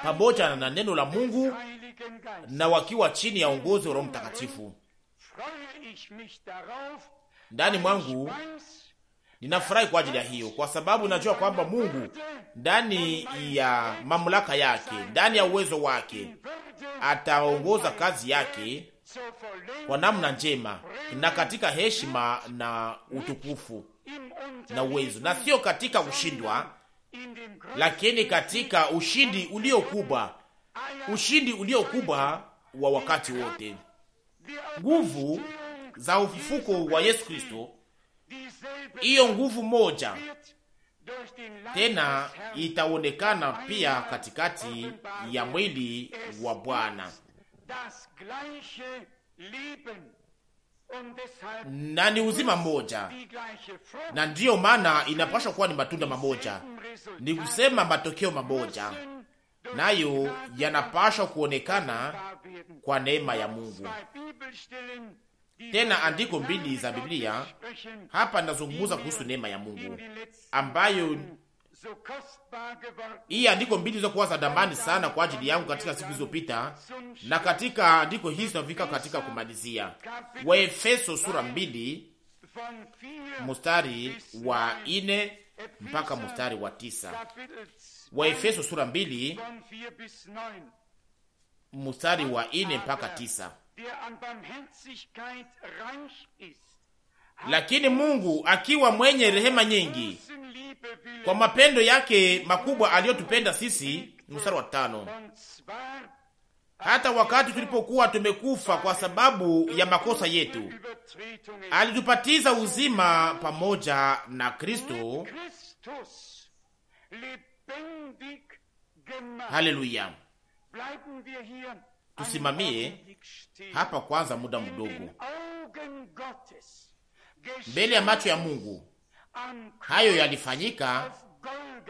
pamoja na neno la Mungu na wakiwa chini ya uongozi wa Roho Mtakatifu. Ndani mwangu ninafurahi kwa ajili ya hiyo, kwa sababu najua kwamba Mungu ndani ya mamlaka yake, ndani ya uwezo wake, ataongoza kazi yake kwa namna njema na katika heshima na utukufu na uwezo, na sio katika kushindwa lakini katika ushindi uliokubwa, ushindi uliokubwa wa wakati wote. Nguvu za ufufuko wa Yesu Kristo, hiyo nguvu moja tena itaonekana pia katikati ya mwili wa Bwana na ni uzima mmoja, na ndiyo maana inapaswa kuwa ni matunda mamoja, ni kusema matokeo mamoja, nayo yanapaswa kuonekana kwa neema ya Mungu. Tena andiko mbili za Biblia hapa nazungumuza kuhusu neema ya Mungu ambayo hii andiko mbili zilizokuwa za damani sana kwa ajili yangu katika siku zilizopita, na katika andiko hizi tunafika katika kumalizia. Waefeso sura mbili mstari wa ine mpaka mstari wa tisa. Waefeso sura mbili mstari wa ine mpaka tisa. Lakini Mungu akiwa mwenye rehema nyingi, kwa mapendo yake makubwa aliyotupenda sisi, mstari wa tano, hata wakati tulipokuwa tumekufa kwa sababu ya makosa yetu, alitupatiza uzima pamoja na Kristo. Haleluya! Tusimamie hapa kwanza muda mdogo mbele ya macho ya Mungu. Hayo yalifanyika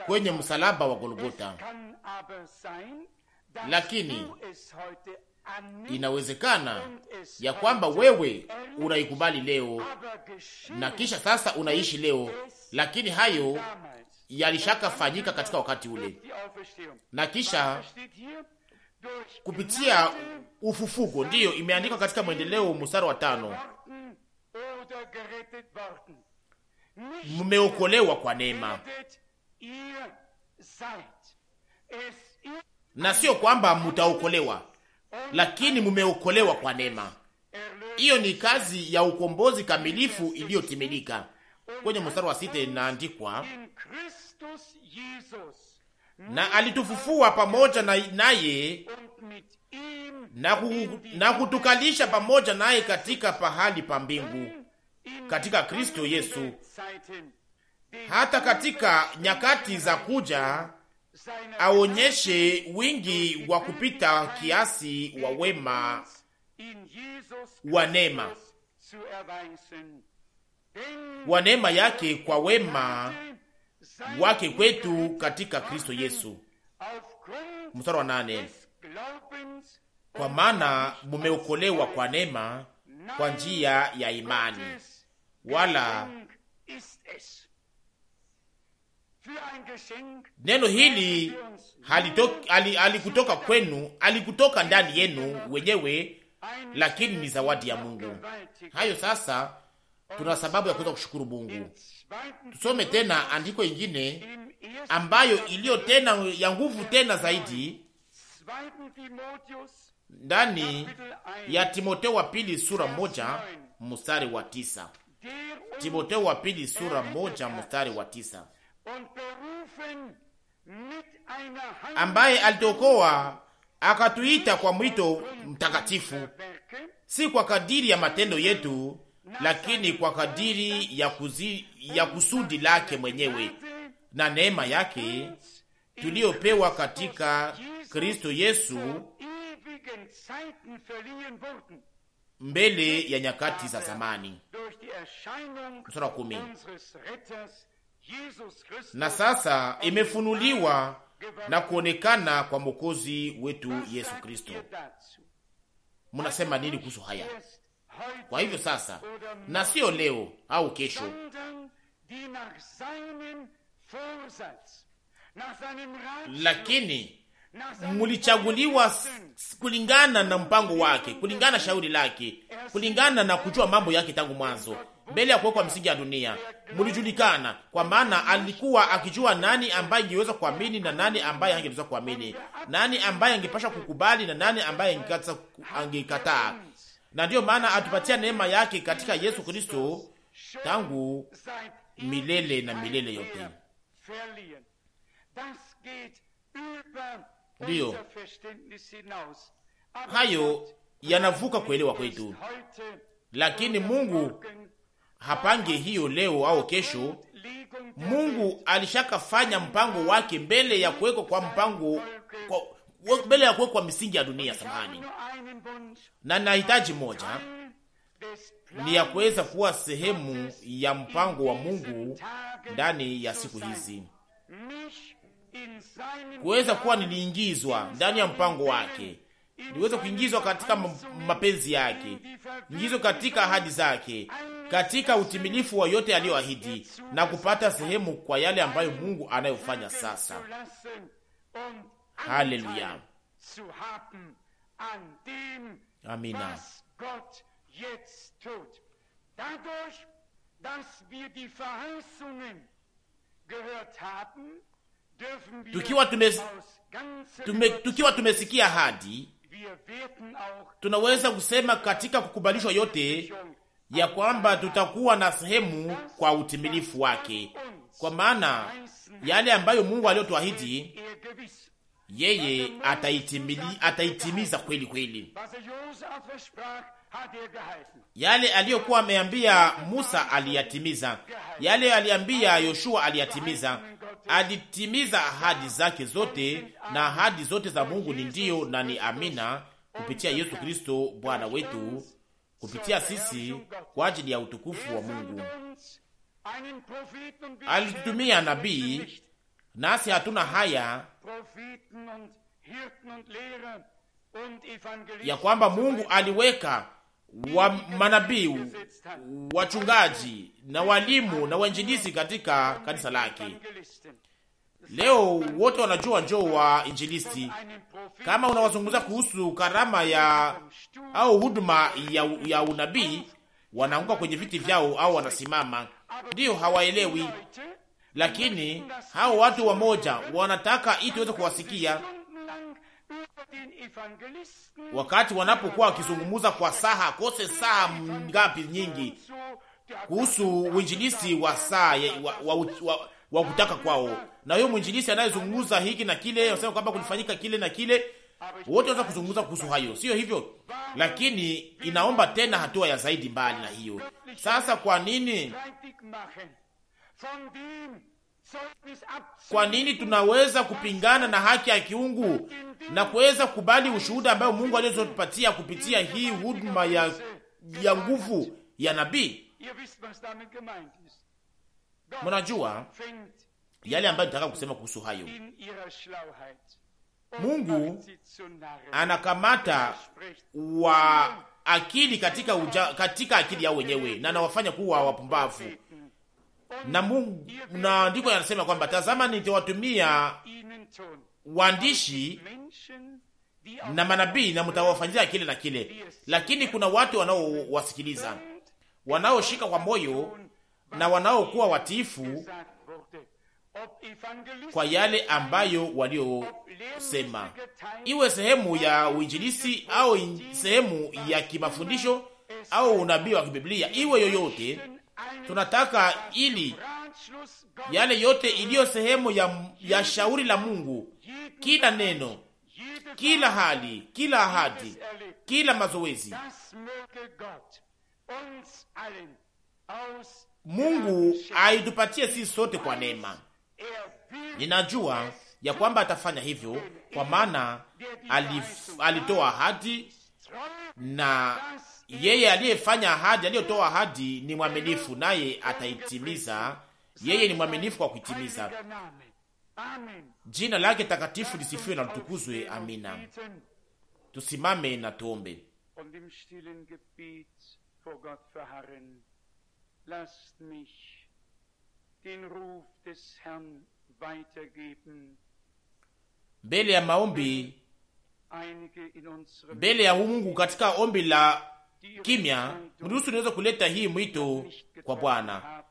kwenye msalaba wa Golgota, lakini inawezekana ya kwamba wewe unaikubali leo na kisha sasa unaishi leo, lakini hayo yalishakafanyika katika wakati ule, na kisha kupitia ufufuko, ndiyo imeandikwa katika mwendeleo mstari wa tano mmeokolewa kwa neema na sio kwamba mutaokolewa, lakini mumeokolewa kwa neema. Hiyo ni kazi ya ukombozi kamilifu iliyotimilika. Kwenye mstari wa sita inaandikwa, na alitufufua pamoja naye na, na, na kutukalisha pamoja naye katika pahali pa mbingu katika Kristo Yesu, hata katika nyakati za kuja aonyeshe wingi wa kupita kiasi wa wema wa neema wa neema yake kwa wema wake kwetu katika Kristo Yesu. Mstari wa nane: kwa maana mumeokolewa kwa neema, kwa njia ya imani wala neno hili halikutoka hali, kwenu, halikutoka ndani yenu wenyewe, lakini ni zawadi ya Mungu. Hayo sasa, tuna sababu ya kuweza kushukuru Mungu. Tusome tena andiko ingine ambayo iliyo tena ya nguvu tena zaidi ndani ya Timoteo wa pili sura moja mstari wa tisa. Timoteo wa pili sura moja mstari wa tisa ambaye alitokoa akatuita kwa mwito mtakatifu, si kwa kadiri ya matendo yetu, lakini kwa kadiri ya, kuzi, ya kusudi lake mwenyewe na neema yake tuliyopewa katika Kristo Yesu mbele ya nyakati za zamani. Sura kumi. Na sasa imefunuliwa na kuonekana kwa Mwokozi wetu Yesu Kristo. Munasema nini kuhusu haya? Kwa hivyo sasa, na siyo leo au kesho, lakini mulichaguliwa kulingana na mpango wake, kulingana na shauri lake, kulingana na kujua mambo yake tangu mwanzo, mbele ya kuwekwa msingi ya dunia mulijulikana, kwa maana alikuwa akijua nani ambaye angeweza kuamini na nani ambaye angeweza kuamini, nani ambaye angepasha kukubali na nani ambaye angekataa. Na ndiyo maana atupatia neema yake katika Yesu Kristo tangu milele na milele yote. Ndiyo, hayo yanavuka kuelewa kwetu, lakini Mungu hapange hiyo leo au kesho. Mungu alishakafanya mpango wake mbele ya kuwekwa kwa mpango kwa, mbele ya kuwekwa misingi ya dunia. Samahani, na nahitaji moja ni ya kuweza kuwa sehemu ya mpango wa Mungu ndani ya siku hizi kuweza kuwa niliingizwa ndani ya mpango wake, niweze kuingizwa katika mapenzi yake, niingizwe katika ahadi zake, katika utimilifu wa yote aliyoahidi, na kupata sehemu kwa yale ambayo Mungu anayofanya sasa. Haleluya, amina. Dadurch, dass wir die Verheißungen gehört haben, tukiwa, tume, tume, tukiwa tumesikia hadi tunaweza kusema katika kukubalishwa yote ya kwamba tutakuwa na sehemu kwa utimilifu wake, kwa maana yale ambayo Mungu aliyotuahidi yeye ataitimili, ataitimiza kweli kweli. Yale aliyokuwa ameambia Musa aliyatimiza, yale aliambia Yoshua aliyatimiza alitimiza ahadi zake zote, na ahadi zote za Mungu ni ndiyo na ni amina kupitia Yesu Kristo Bwana wetu, kupitia sisi kwa ajili ya utukufu wa Mungu. Alitutumia nabii, nasi hatuna haya ya kwamba Mungu aliweka wa manabii, wachungaji na walimu na wainjilisi katika kanisa lake. Leo wote wanajua njoo wa injilisti. Kama unawazungumza kuhusu karama ya au huduma ya, ya unabii, wanaanguka kwenye viti vyao au wanasimama, ndiyo hawaelewi. Lakini hao watu wamoja wanataka ili tuweze kuwasikia wakati wanapokuwa wakizungumuza kwa saha kose saha ngapi nyingi kuhusu uinjilisi wa saa wa, wa, wa, wa kutaka kwao, na huyo mwinjilisi anayezungumza hiki na kile, anasema kwamba kulifanyika kile na kile, wote waweza kuzungumza kuhusu hayo, sio hivyo? Lakini inaomba tena hatua ya zaidi mbali na hiyo. Sasa kwa nini kwa nini tunaweza kupingana na haki ya kiungu na kuweza kubali ushuhuda ambayo Mungu alizotupatia kupitia hii huduma ya, ya nguvu ya nabii? Mnajua yale ambayo nitaka kusema kuhusu hayo. Mungu anakamata wa akili katika, uja, katika akili yao wenyewe na anawafanya kuwa wapumbavu na Mungu na ndiko yanasema kwamba tazama, nitawatumia waandishi na manabii na mtawafanyia kile na kile, lakini kuna watu wanaowasikiliza, wanaoshika kwa moyo na wanaokuwa watiifu kwa yale ambayo waliosema, iwe sehemu ya uinjilisi au sehemu ya kimafundisho au unabii wa kibiblia, iwe yoyote tunataka ili yale yote iliyo sehemu ya, ya shauri la Mungu, kila neno, kila hali, kila ahadi, kila mazoezi, Mungu aitupatie sisi sote kwa neema. Ninajua ya kwamba atafanya hivyo, kwa maana alitoa ahadi na yeye aliyefanya ahadi, aliyotoa ahadi ni mwaminifu, naye ataitimiza. Yeye ni mwaminifu kwa kuitimiza. Jina lake takatifu lisifiwe na litukuzwe. Amina. Tusimame na tuombe. Mbele ya maombi, mbele ya Mungu, katika ombi la kimya, mruhusu niweze kuleta hii mwito kwa Bwana.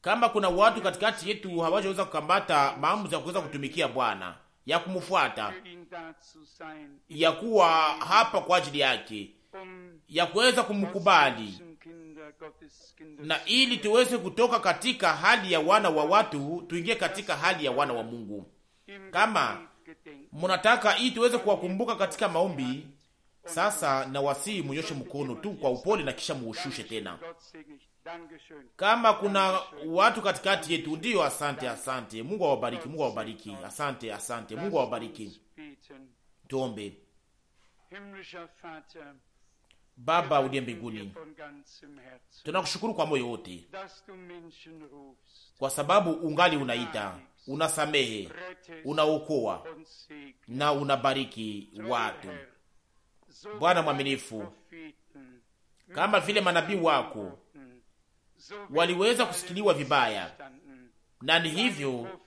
Kama kuna watu katikati yetu hawajaweza kukambata maamuzi ya kuweza kutumikia Bwana, ya kumfuata, ya kuwa hapa kwa ajili yake, ya kuweza kumkubali na ili tuweze kutoka katika hali ya wana wa watu tuingie katika hali ya wana wa Mungu. Kama munataka, ili tuweze kuwakumbuka katika maombi sasa nawasihi munyoshe mkono tu kwa upole na kisha muushushe tena. Kama kuna watu katikati yetu, ndiyo, asante, asante. Mungu awabariki, Mungu awabariki, asante, asante. Mungu awabariki. Tuombe. Baba uliye mbinguni, tunakushukuru kwa moyo wote kwa sababu ungali unaita, unasamehe, unaokoa na unabariki watu. Bwana mwaminifu, kama vile manabii wako waliweza kusikiliwa vibaya, na ni hivyo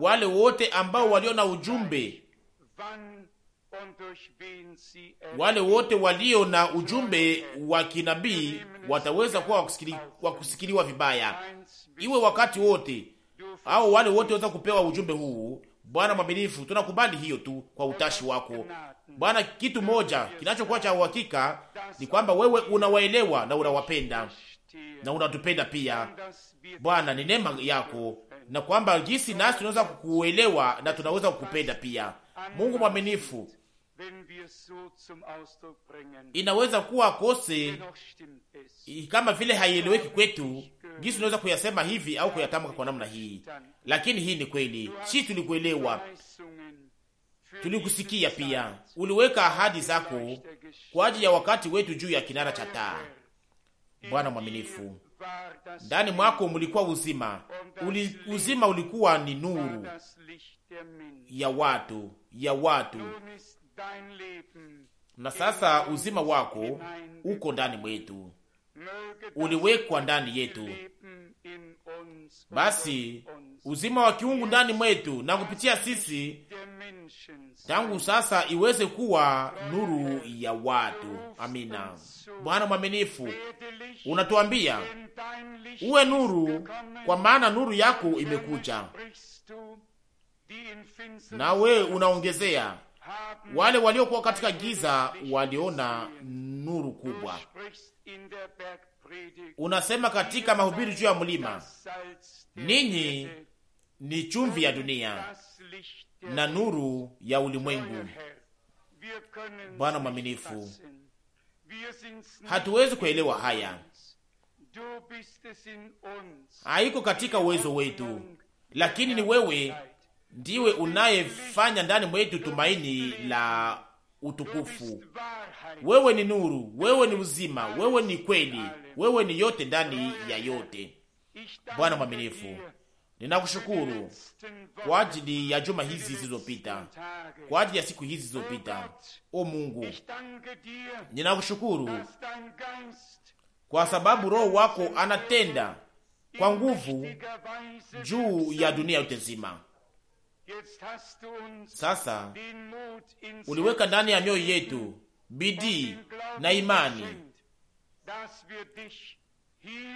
wale wote ambao walio na ujumbe, wale wote walio na ujumbe wa kinabii wataweza kuwa wa kusikiliwa vibaya, iwe wakati wote au wale wote waweza kupewa ujumbe huu Bwana mwaminifu, tunakubali hiyo tu kwa utashi wako Bwana. Kitu moja kinachokuwa cha uhakika ni kwamba wewe unawaelewa na unawapenda na unatupenda pia Bwana. Ni neema yako na kwamba jinsi nasi tunaweza kukuelewa na tunaweza kukupenda pia. Mungu mwaminifu, inaweza kuwa kose kama vile haieleweki kwetu, jinsi unaweza kuyasema hivi au kuyatamka kwa namna hii, lakini hii ni kweli. Si tulikuelewa, tulikusikia pia. Uliweka ahadi zako kwa ajili ya wakati wetu juu ya kinara cha taa. Bwana mwaminifu, ndani mwako mulikuwa uzima. Uli, uzima ulikuwa ni nuru ya watu ya watu na sasa uzima wako uko ndani mwetu, uliwekwa ndani yetu. Basi uzima wa kiungu ndani mwetu na kupitia sisi, tangu sasa iweze kuwa nuru ya watu. Amina. Bwana mwaminifu, unatuambia uwe nuru, kwa maana nuru yako imekuja, nawe unaongezea wale waliokuwa katika giza waliona nuru kubwa. Unasema katika mahubiri juu ya mlima, ninyi ni chumvi ya dunia na nuru ya ulimwengu. Bwana mwaminifu, hatuwezi kuelewa haya, haiko katika uwezo wetu, lakini ni wewe ndiwe unayefanya ndani mwetu tumaini la utukufu. Wewe ni nuru, wewe ni uzima, wewe ni kweli, wewe ni yote ndani ya yote. Bwana mwaminifu, ninakushukuru kwa ajili ya juma hizi zilizopita, kwa ajili ya siku hizi zilizopita. O Mungu, ninakushukuru kwa sababu Roho wako anatenda kwa nguvu juu ya dunia yote nzima. Sasa uliweka ndani ya mioyo yetu bidii na imani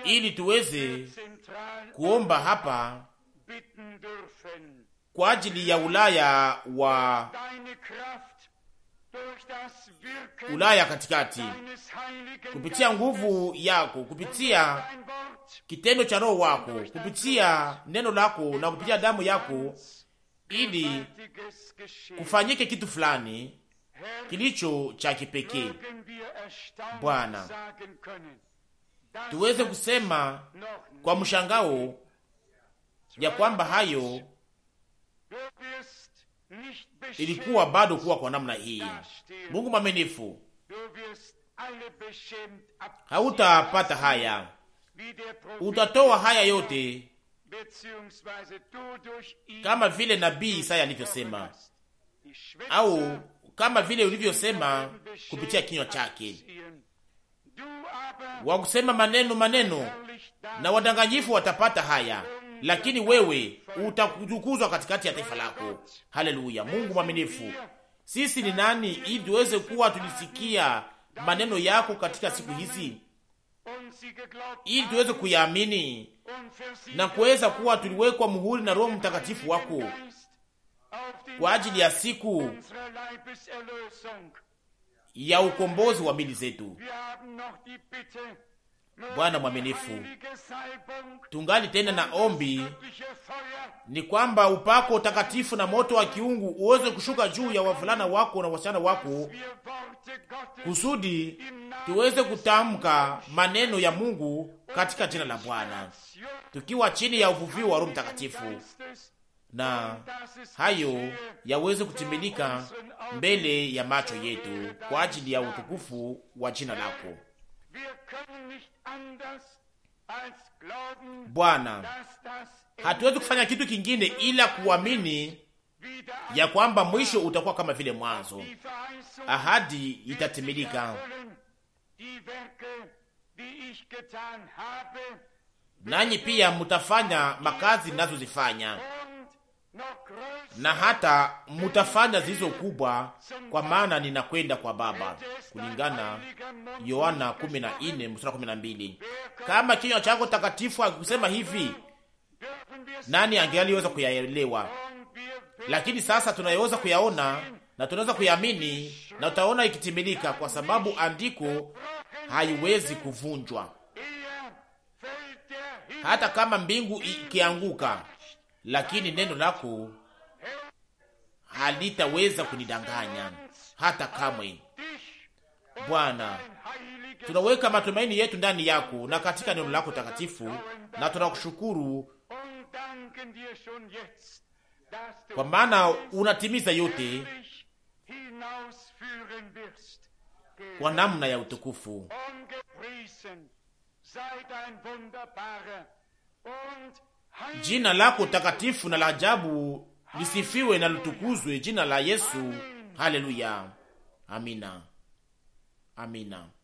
ili tuweze kuomba hapa kwa ajili ya Ulaya wa Ulaya katikati, kupitia nguvu yako, kupitia kitendo cha Roho wako, kupitia neno lako na kupitia damu yako ili kufanyike kitu fulani kilicho cha kipekee. Bwana, tuweze kusema kwa mshangao ya kwamba hayo ilikuwa bado kuwa kwa namna hii. Mungu mwaminifu, hautapata haya, utatoa haya yote kama vile nabii Isaya alivyosema au kama vile ulivyosema kupitia kinywa chake, wakusema maneno maneno na wadanganyifu watapata haya, lakini wewe utakutukuzwa katikati ya taifa lako. Haleluya! Mungu mwaminifu, sisi ni nani ili tuweze kuwa tulisikia maneno yako katika siku hizi, ili tuweze kuyaamini na kuweza kuwa tuliwekwa muhuri na Roho Mtakatifu wako kwa ajili ya siku ya ukombozi wa mili zetu. Bwana mwaminifu, tungali tena na ombi ni kwamba upako utakatifu na moto wa kiungu uweze kushuka juu ya wavulana wako na wasichana wako, kusudi tuweze kutamka maneno ya Mungu katika jina la Bwana, tukiwa chini ya uvuvio wa Roho Mtakatifu, na hayo yaweze kutimilika mbele ya macho yetu kwa ajili ya utukufu wa jina lako. Bwana, hatuwezi kufanya kitu kingine ila kuamini ya kwamba mwisho utakuwa kama vile mwanzo, ahadi itatimilika nanyi pia mutafanya makazi nazozifanya oh, na hata mutafanya zilizo kubwa, kwa maana ninakwenda kwa Baba, kulingana Yohana 14:12. Kama kinywa chako takatifu hakikusema hivi, nani angeliweza kuyaelewa? Lakini sasa tunayoweza kuyaona na tunaweza kuyaamini na tutaona ikitimilika, kwa sababu andiko haiwezi kuvunjwa, hata kama mbingu ikianguka lakini neno lako halitaweza kunidanganya hata kamwe. Bwana, tunaweka matumaini yetu ndani yako na katika neno lako takatifu, na tunakushukuru kwa maana unatimiza yote kwa namna ya utukufu. Jina lako takatifu na la ajabu lisifiwe na litukuzwe, jina la Yesu. Haleluya, amina, amina.